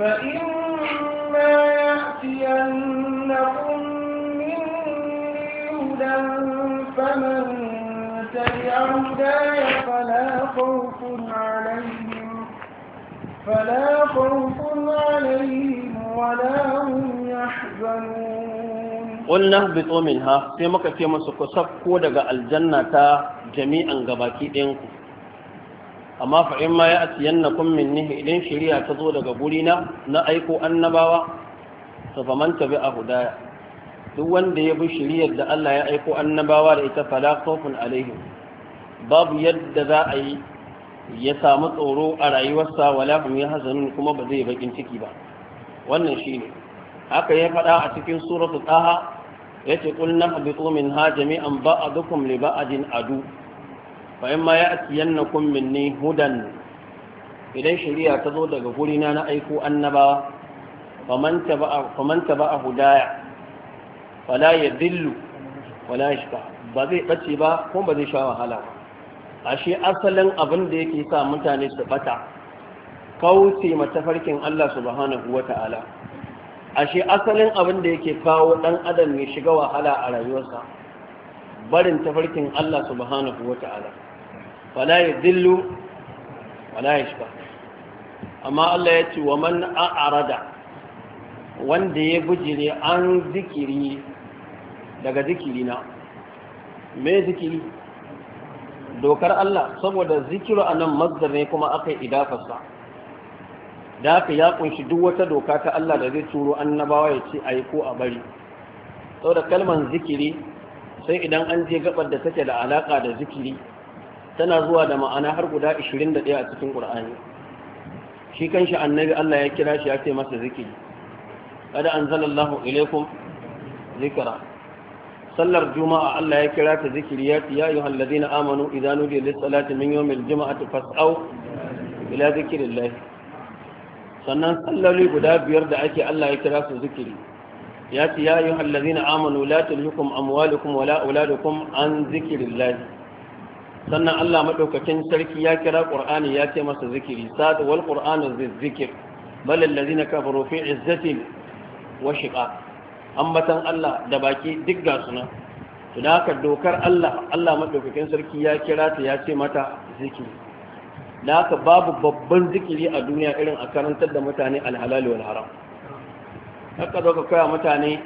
fa imma ya'tiyannakum minni hudan faman tabi'a hudaya fala khawfun عليهم فلا خوف عليهم ولا هم يحزنون قلنا اهبطوا منها sai muka ce musu ku sakko daga aljanna ta jami'an gabaki ɗayan ku amma fa in ma ya atiyannakum minni idan shirya ta zo daga gurina na aiko annabawa to fa bi a hudaya duk wanda ya bi shari'ar da Allah ya aiko annabawa da ita fala khawfun alaihim babu yadda za a yi ya samu tsoro a rayuwarsa wala hum yahzanun kuma ba zai yi bakin ciki ba wannan shi ne haka ya faɗa a cikin suratu taha ya ce ƙul na habitu min ha jami'an ba'adukum li ba'adin adu fa in ma ya'tiyannakum minni hudan idan shari'a ta zo daga gurina na aiko annaba faman taba'a hudaya fala yadillu wala yashqa ba zai bace ba kuma ba zai sha wahala ba ashe asalin abin da yake sa mutane su bata kauce matafarkin Allah subhanahu wa ta'ala ashe asalin abin da yake kawo ɗan adam ya shiga wahala a rayuwarsa barin tafarkin Allah subhanahu wa ta'ala fala ya dillu fala ya shiga amma Allah ya ce wa man a arada wanda ya bujire an zikiri daga zikiri na. me zikiri dokar Allah saboda zikiru nan mazdar ne kuma aka yi idafarsa da haka ya kunshi duk wata doka ta Allah da zai turo annabawa ya ce ayi ko a bari saboda kalman zikiri sai idan an je gabar da take da alaka da zikiri tana zuwa da ma'ana har guda 21 a cikin Qur'ani shi kanshi annabi Allah ya kira shi ya ce masa zikiri kada anzalallahu ilaikum zikra sallar juma'a Allah ya kira ta zikiri ya ya ayyuhal amanu idza nudiya lis salati min yawmil juma'ati fas'au ila zikrillah sannan salloli guda biyar da ake Allah ya kira su zikiri ya ce ya yi hallazina amanu latin hukum amwalukum wala auladukum an zikiri zikrillah sannan Allah madaukakin sarki ya kira Qur'ani ya ce masa zikiri 'Sa'ad wal Qur'anu zikir, bal na kafaru fi izzatin wa shiqaq ambatan Allah da baki duk ga suna. to da haka dokar Allah Allah madaukakin sarki ya kira ta ya ce mata zikiri da haka babu babban zikiri a duniya irin a karantar da mutane alhalali wal haram haka zo ka koya mutane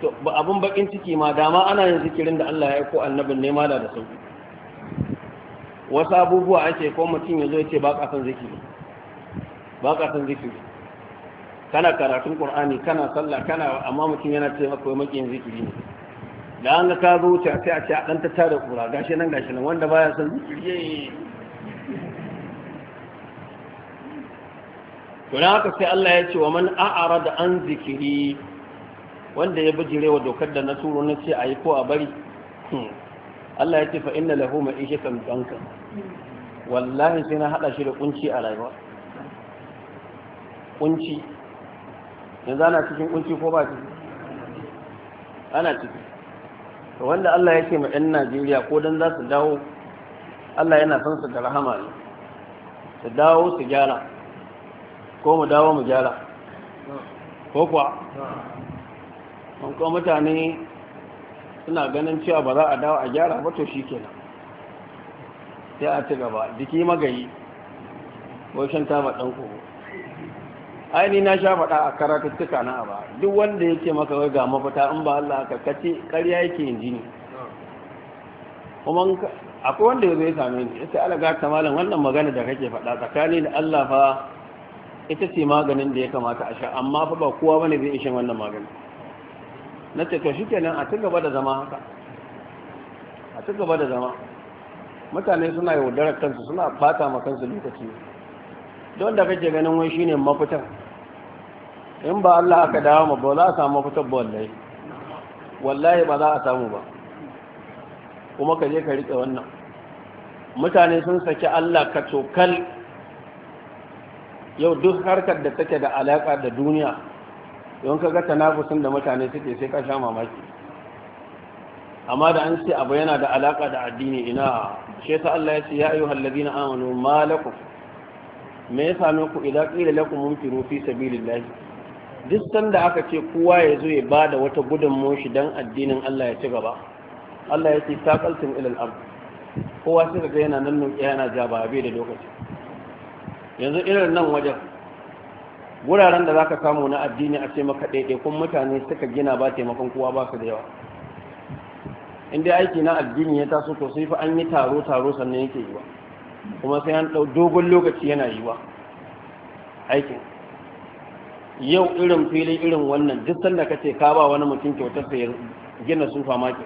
to ba abun bakin ciki ma dama ana yin zikirin da Allah ya aiko annabin nema da da sauki wasu abubuwa ake ko mutum ya zo ya ce ba ka san zikiri ba ka san zikiri kana karatun qur'ani kana sallah kana amma mutum yana ce maka mai zikiri ne da an ga ka zo wuce ce a ce a dan ta tare kura gashi nan gashi nan wanda baya san zikiri don haka sai Allah ya ce wa man a'ara da an zikiri wanda ya wa dokar da na turo na ce a yi ko a bari hmm. Allah ya ce fa inna lahu ma'ishatan danka wallahi sai na hada shi da kunci a rayuwa kunci yanzu ana cikin kunci ko ba cikin ana ciki to wanda Allah ya ce ma ɗan Najeriya ko dan za su dawo Allah yana son su da rahama ne su dawo su gyara ko mu dawo mu gyara ko kuwa an kuma mutane suna ganin cewa ba za a dawo a gyara ba to shi kenan sai a ci gaba jiki magayi ko shan taba ɗan kogo aini na sha faɗa a karatuttuka na ba duk wanda yake maka wai ga mafita in ba Allah ka kace ƙarya yake yin jini kuma akwai wanda ya zai same ni sai Allah ga ta malam wannan magana da kake faɗa tsakani da Allah fa ita ce maganin da ya kamata a sha amma fa ba kowa bane zai ishin wannan magani na ce to shikenan a cigaba da zama haka a cigaba da zama mutane suna yaudarar kansu suna fata ma kansu lokaci don da kake ganin wai shine mafitar in ba Allah aka dawo ma ba za a samu mafitar ba wallahi wallahi ba za a samu ba kuma ka je ka rike wannan mutane sun saki Allah ka tokal yau duk harkar da take da alaƙa da duniya don ka ga tanafusin da mutane suke sai ka sha mamaki amma da an ce abu yana da alaƙa da addini ina shi ta Allah ya ce ya ayyuhal ladina amanu ma me ya sami ku idan qila lakum munfiru fi sabilillah duk sanda aka ce kowa ya zo ya bada wata gudunmuwar shi dan addinin Allah ya ci gaba Allah ya ce taqaltum ilal ard kowa sai ga yana nan yana jaba bai da lokaci yanzu irin nan wajen wuraren da za ka samu na addini a ce maka kun mutane suka gina ba taimakon kowa ba su da yawa inda aiki na addini ya taso to sai fa an yi taro taro sannan yake yiwa kuma sai an ɗau dogon lokaci yana yiwa aikin yau irin fili irin wannan duk sanda ka ce ka ba wani mutum kyautar sa gina sufa maki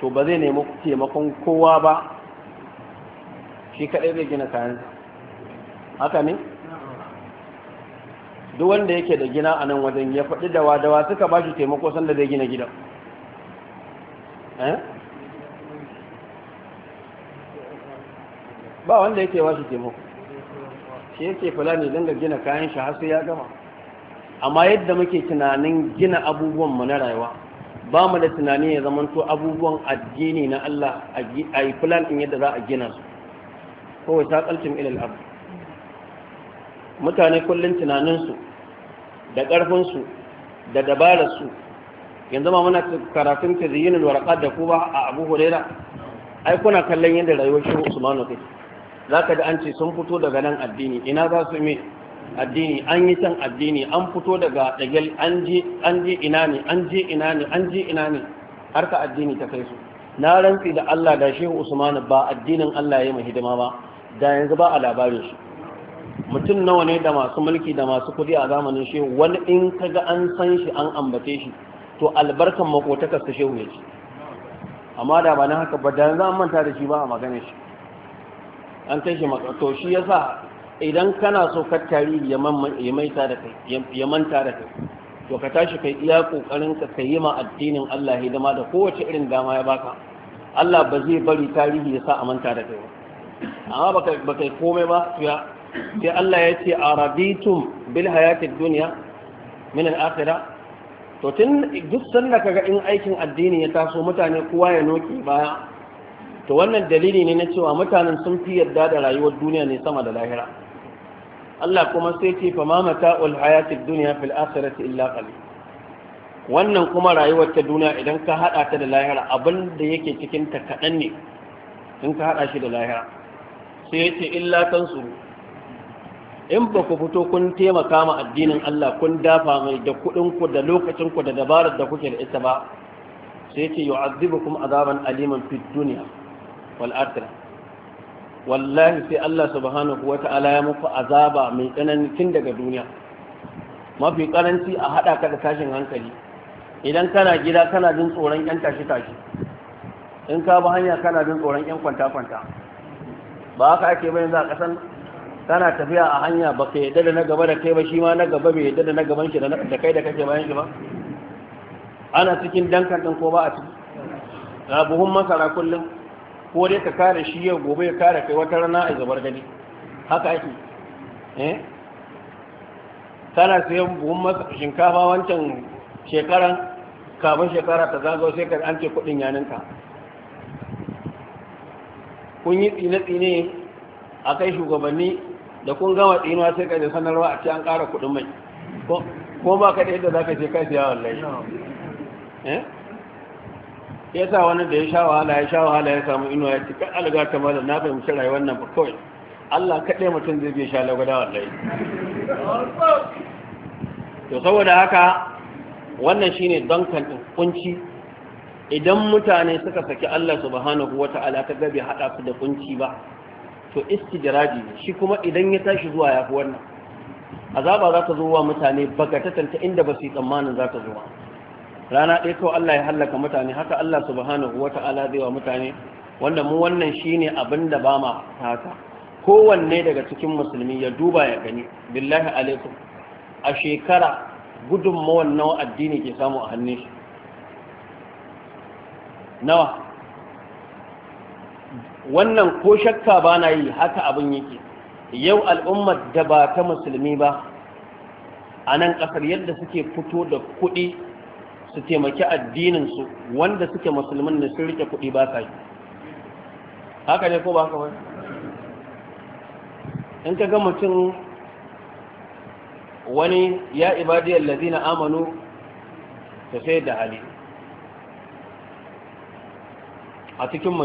to ba zai nemi taimakon kowa ba shi kaɗai zai gina kayan haka ne duk wanda yake da gina a nan wajen ya faɗi dawa dawa suka ba shi taimako sanda zai gina gidan eh? ba wanda yake ba shi taimako shi yake fulani dinga gina kayan shi har ya gama amma yadda muke tunanin gina abubuwan mu na rayuwa ba mu da tunani ya to abubuwan addini na Allah a yi plan in yadda za a gina su kowai ta kalcin ilal abu mutane kullum tunaninsu da ƙarfinsu da dabararsu yanzu ma muna karatun ta ziyinin da kuma a abu hurera ai kuna kallon yadda rayuwar shehu usmanu kai. za ka da an ce sun fito daga nan addini ina za su mai addini an yi can addini an fito daga ɗagel an je ina ne an je ina ne an je ina ne har ka addini ta kai su na rantsi da allah da shehu usmanu ba addinin allah ya yi hidima ba da yanzu ba a labarin shi mutum nawa ne da masu mulki da masu kudi a zamanin shehu wani in kaga an san shi an ambace shi to albarkan makotakar su shehu ya shi amma da ba na haka ba da za a manta da shi ba a magana shi an kai shi to shi yasa idan kana so ka tarihi ya manta da kai ya manta da kai to ka tashi kai iya kokarin ka kai ma addinin Allah hidima da kowace irin dama ya baka Allah ba zai bari tarihi ya sa a manta da kai ba amma baka kai komai ba to ya sai Allah ya ce arabitum bil hayatid dunya min al akhirah to tun duk sanda kaga in aikin addini ya taso mutane kowa ya noki baya to wannan dalili ne na cewa mutanen sun fi yarda da rayuwar duniya ne sama da lahira Allah kuma sai ce fa mamata mata'ul hayatid dunya fil akhirati illa qalil wannan kuma rayuwar ta duniya idan ka hada ta da lahira abin da yake cikin ta kadan ne in ka hada shi da lahira sai yace illa tansuru in ba ku fito kun taimaka ma addinin Allah kun dafa mai da kuɗin ku da lokacin ku da dabarar da kuke da ita ba sai ce yu'adhibukum azaban aliman fid dunya wal akhirah wallahi sai Allah subhanahu wata'ala ya muku azaba mai tsanani tun daga duniya mafi karanci a hada ka da tashin hankali idan kana gida kana jin tsoron yan tashi tashi in ka bi hanya kana jin tsoron yan kwanta kwanta ba haka ake bayan za a kasan kana tafiya a hanya ba ka yadda da na gaba da kai ba shi ma na gaba bai yadda da na gaban shi da kai da kake bayan shi ba ana cikin dankan ɗin ko ba a ciki na buhun masara kullum ko dai ka kare shi yau gobe ya kare kai wata rana a zabar gani haka ake eh kana sayan buhun shinkafa wancan shekaran kafin shekara ta zagawa sai ka an ce kuɗin yaninka kun yi tsine-tsine a kai shugabanni da kun gama ɗina sai ka je sanarwa a ce an ƙara kuɗin mai ko ba ka da yadda za ka je kai siya eh ya sa wani da ya sha wahala ya sha wahala ya samu inuwa ya ci kan alga ta malam na fahimci rayuwar nan ba kawai Allah kaɗai mutum zai biya sha lagwada wallai to saboda haka wannan shine don kan kunci idan mutane suka saki Allah subhanahu wata'ala ta gabe haɗa su da kunci ba to istijraji shi kuma idan ya tashi zuwa ya fi wannan azaba za ta zo wa mutane bagatatan ta inda ba su yi tsammanin za ta zo rana ɗaya kawai Allah ya hallaka mutane haka Allah subhanahu wa ta'ala zai wa mutane wanda mu wannan shine abin da ba ma haka kowanne daga cikin musulmi ya duba ya gani billahi alaikum a shekara gudunmawar nawa addini ke samu a hannun shi nawa wannan ko shakka ba na yi haka abin yake yau al'ummar da ba ta musulmi ba a nan ƙasar yadda suke fito da kuɗi su taimaki addininsu wanda suke musulmin da sun rike kuɗi ba sa yi haka ne ko ba haka wani in ka ga mutum wani ya ibadiyar lazina amanu ta sai da hali a cikin mu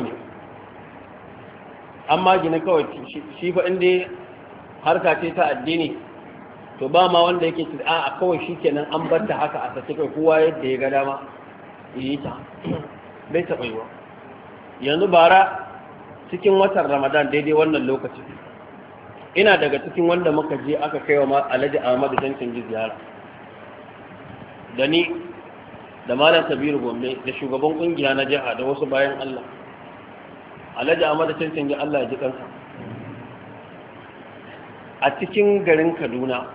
amma gina kawai shi fa inda harka ce ta addini to ba ma wanda yake ci a kawai shi kenan an bar haka a sace kai kowa yadda ya ga dama yi ta bai taɓa yiwa yanzu bara cikin watan ramadan daidai wannan lokaci ina daga cikin wanda muka je aka kai wa alhaji ahmadu zancin ji ziyara da ni da malam kabiru gombe da shugaban kungiya na jiha da wasu bayan allah amma da cancan ga Allah ya ji kansa a cikin garin Kaduna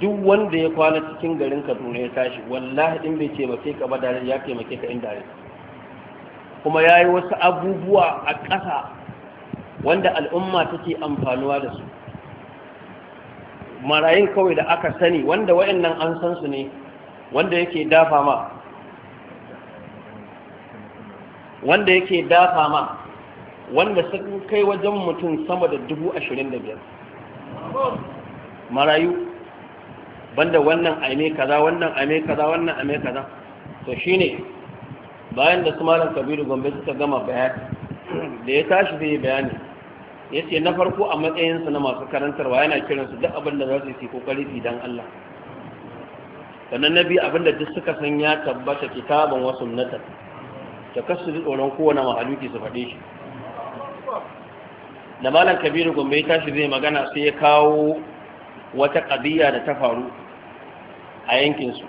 duk wanda ya kwana cikin garin Kaduna ya tashi wallahi din bai sai ka bada ya ya taimake ka inda ne kuma yayi wasu abubuwa a ƙasa wanda al'umma take amfanuwa da su marayin kawai da aka sani wanda wayannan an san su ne wanda yake dafa ma wanda yake dafa ma wanda sun kai wajen mutum sama da dubu ashirin da biyar marayu banda wannan aime kaza wannan aime kaza wannan aime kaza to shi ne, bayan da su malam kabiru gombe suka gama bayan da ya tashi zai bayani ya ce na farko a matsayinsu na masu karantarwa yana kiransu duk abin da za su yi kokari fi don Allah sannan na biyu abin da duk suka san ya tabbata kitaban wasu nata ta kasu tsoron kowane mahaluki su faɗe shi da malam kabiru gombe ya tashi zai magana sai ya kawo wata ƙabiya da ta faru a yankinsu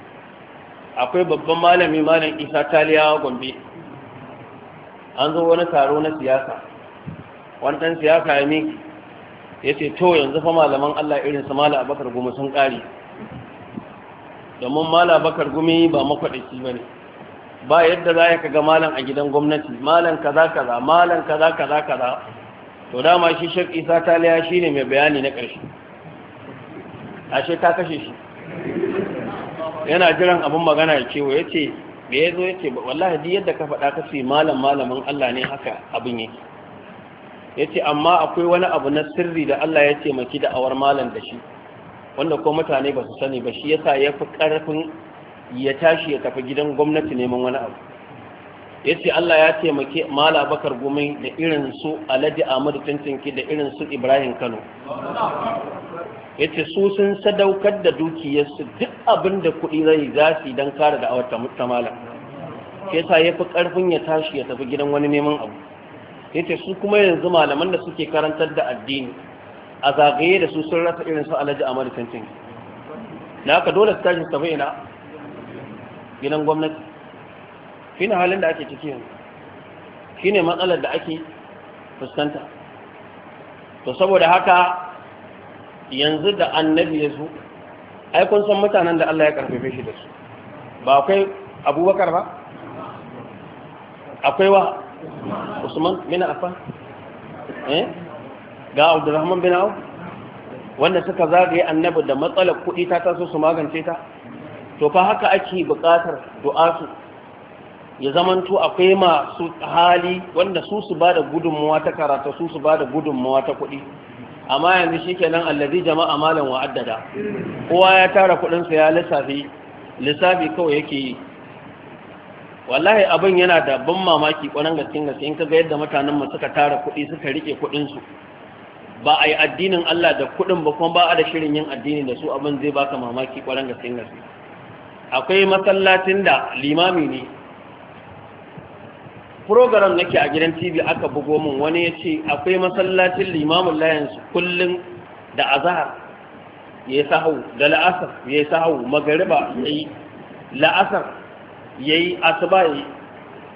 akwai babban malami malam isa taliyawa gombe an zo wani taro na siyasa wani ɗan siyasa ya miki ya ce to yanzu fa malaman allah irin su mala abakar gumi sun ƙari domin mala abakar gumi ba makwaɗaci ba ne ba yadda za ka ga malam a gidan gwamnati malam kaza kaza malam kaza kaza kaza to dama shi shek isa taliya shi ne mai bayani na ƙarshe ashe ta kashe shi yana jiran abin magana ya cewa ya ce da ya zo ya ce wallahi duk yadda ka faɗa kasi malam malamin Allah ne haka abin yake ya ce amma akwai wani abu na sirri da Allah ya ce maki da awar malam da shi wanda ko mutane ba su sani ba shi yasa ya fi ƙarfin ya tashi ya tafi gidan gwamnati neman wani abu ya ce Allah ya taimake mala bakar Gumai da irin su alhaji ahmadu tantinki da irin su ibrahim kano ya ce su sun sadaukar da dukiyarsu duk abin da kuɗi zai za su don kare da awata ta mala ke sa ya fi ƙarfin ya tashi ya tafi gidan wani neman abu ya ce su kuma yanzu malaman da suke karantar da addini a zagaye da su sun rasa irin su alhaji ahmadu tantinki na ka dole su tashi su tafi ina gidan gwamnati shi ne halin da ake ciki yanzu shi ne matsalar da ake fuskanta to saboda haka yanzu da annabi ya zo ai kun san mutanen da Allah ya karfafe shi da su ba akwai abubakar ba akwai wa usman bin affan eh ga abdurrahman bin awu wanda suka zagaye annabi da matsalar kuɗi ta taso su magance ta to fa haka ake buƙatar du'a su? ya zamanto akwai masu hali wanda su su ba da gudunmuwa ta karata su su ba da gudunmuwa ta kuɗi amma yanzu shi nan, allazi jama'a malam wa addada kowa ya tara kuɗinsa ya lissafi lissafi kawai yake yi wallahi abin yana da ban mamaki ƙwarar gaske gaske in ga yadda mutanen mu suka tara kuɗi suka rike kuɗinsu ba a yi addinin Allah da kuɗin ba kuma ba a da shirin yin addini da su abin zai baka mamaki ƙwarar gaske akwai masallacin da limami ne program nake a gidan tv aka bugo min wani ya ce akwai masallacin limamin layansu kullum da azahar ya yi sahau da la'asar ya yi sahau magariba ya yi la'asar ya yi asuba ya yi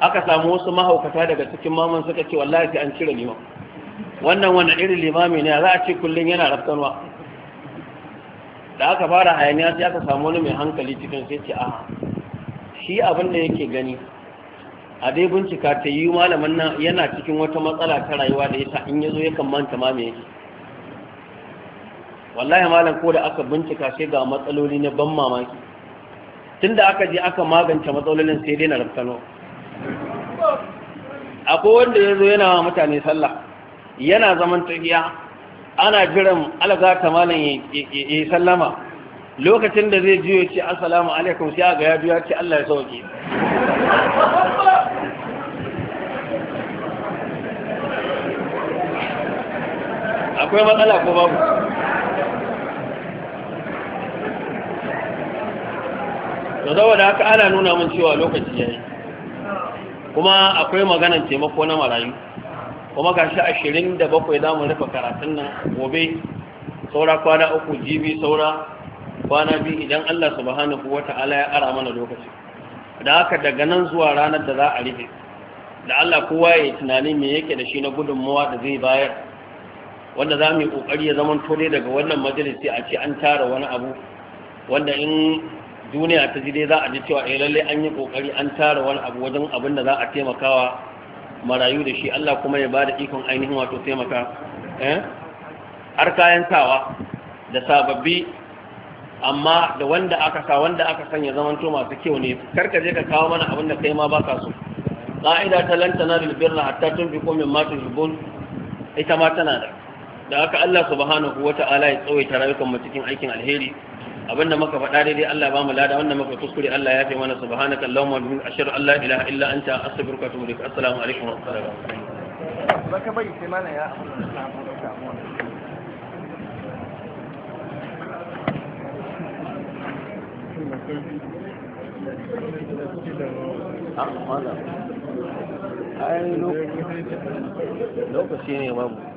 aka samu wasu mahaukata daga cikin maman suka ce wallahi sai an cire liman wannan wannan irin limami ne za a ce kullum yana raftanwa da aka fara hayaniya sai aka samu wani mai hankali cikin sai ce a shi abin da yake gani a dai bincika ta yi malamin nan yana cikin wata matsala ta rayuwa da yasa in yazo ya kan manta ma me wallahi malam ko da aka bincika sai ga matsaloli na ban mamaki tunda aka je aka magance matsalolin sai dai na raftano akwai wanda yazo yana wa mutane sallah yana zaman tafiya ana jiran alaga ta malam ya yi sallama lokacin da zai jiyo ce assalamu alaikum sai ga ya biya ce Allah ya sauke akwai matsala ko babu da da haka ana nuna min cewa lokaci ya yi kuma akwai maganan taimako na marayu kuma ga shi ashirin da bakwai za rufe karatun nan gobe saura kwana uku jibi saura kwana biyu idan allah subhanahu wa ta'ala ya ara mana lokaci da haka daga nan zuwa ranar da za a rufe da allah kowa ya yi tunanin me yake da shi na gudunmawa da zai bayar wanda za mu yi ƙoƙari ya zama tole daga wannan majalisi a ce an tara wani abu wanda in duniya ta ji dai za a ji cewa eh lalle an yi ƙoƙari an tara wani abu wajen abin da za a taimakawa marayu da shi Allah kuma ya ba bada ikon ainihin wato taimaka eh, har kayan sawa da sababbi amma da wanda aka sa wanda aka sanya zamanto masu kyau ne karka je ka kawo mana abin da kai ma baka so ƙa'ida ta lantana da birra hatta tun fi matu, mata ita ma tana da da haka Allah subhanahu ta'ala ya tsawaita rayukan mu cikin aikin alheri abinda muka faɗa daidai Allah ba mu lada wanda muka kuskure Allah ya fi mana subhanaka allahumma wa ashhadu an la ilaha illa anta astaghfiruka wa atubu ilaik assalamu alaikum wa rahmatullahi wa baka bai sai mana ya Ah, Ai, lokaci ne babu.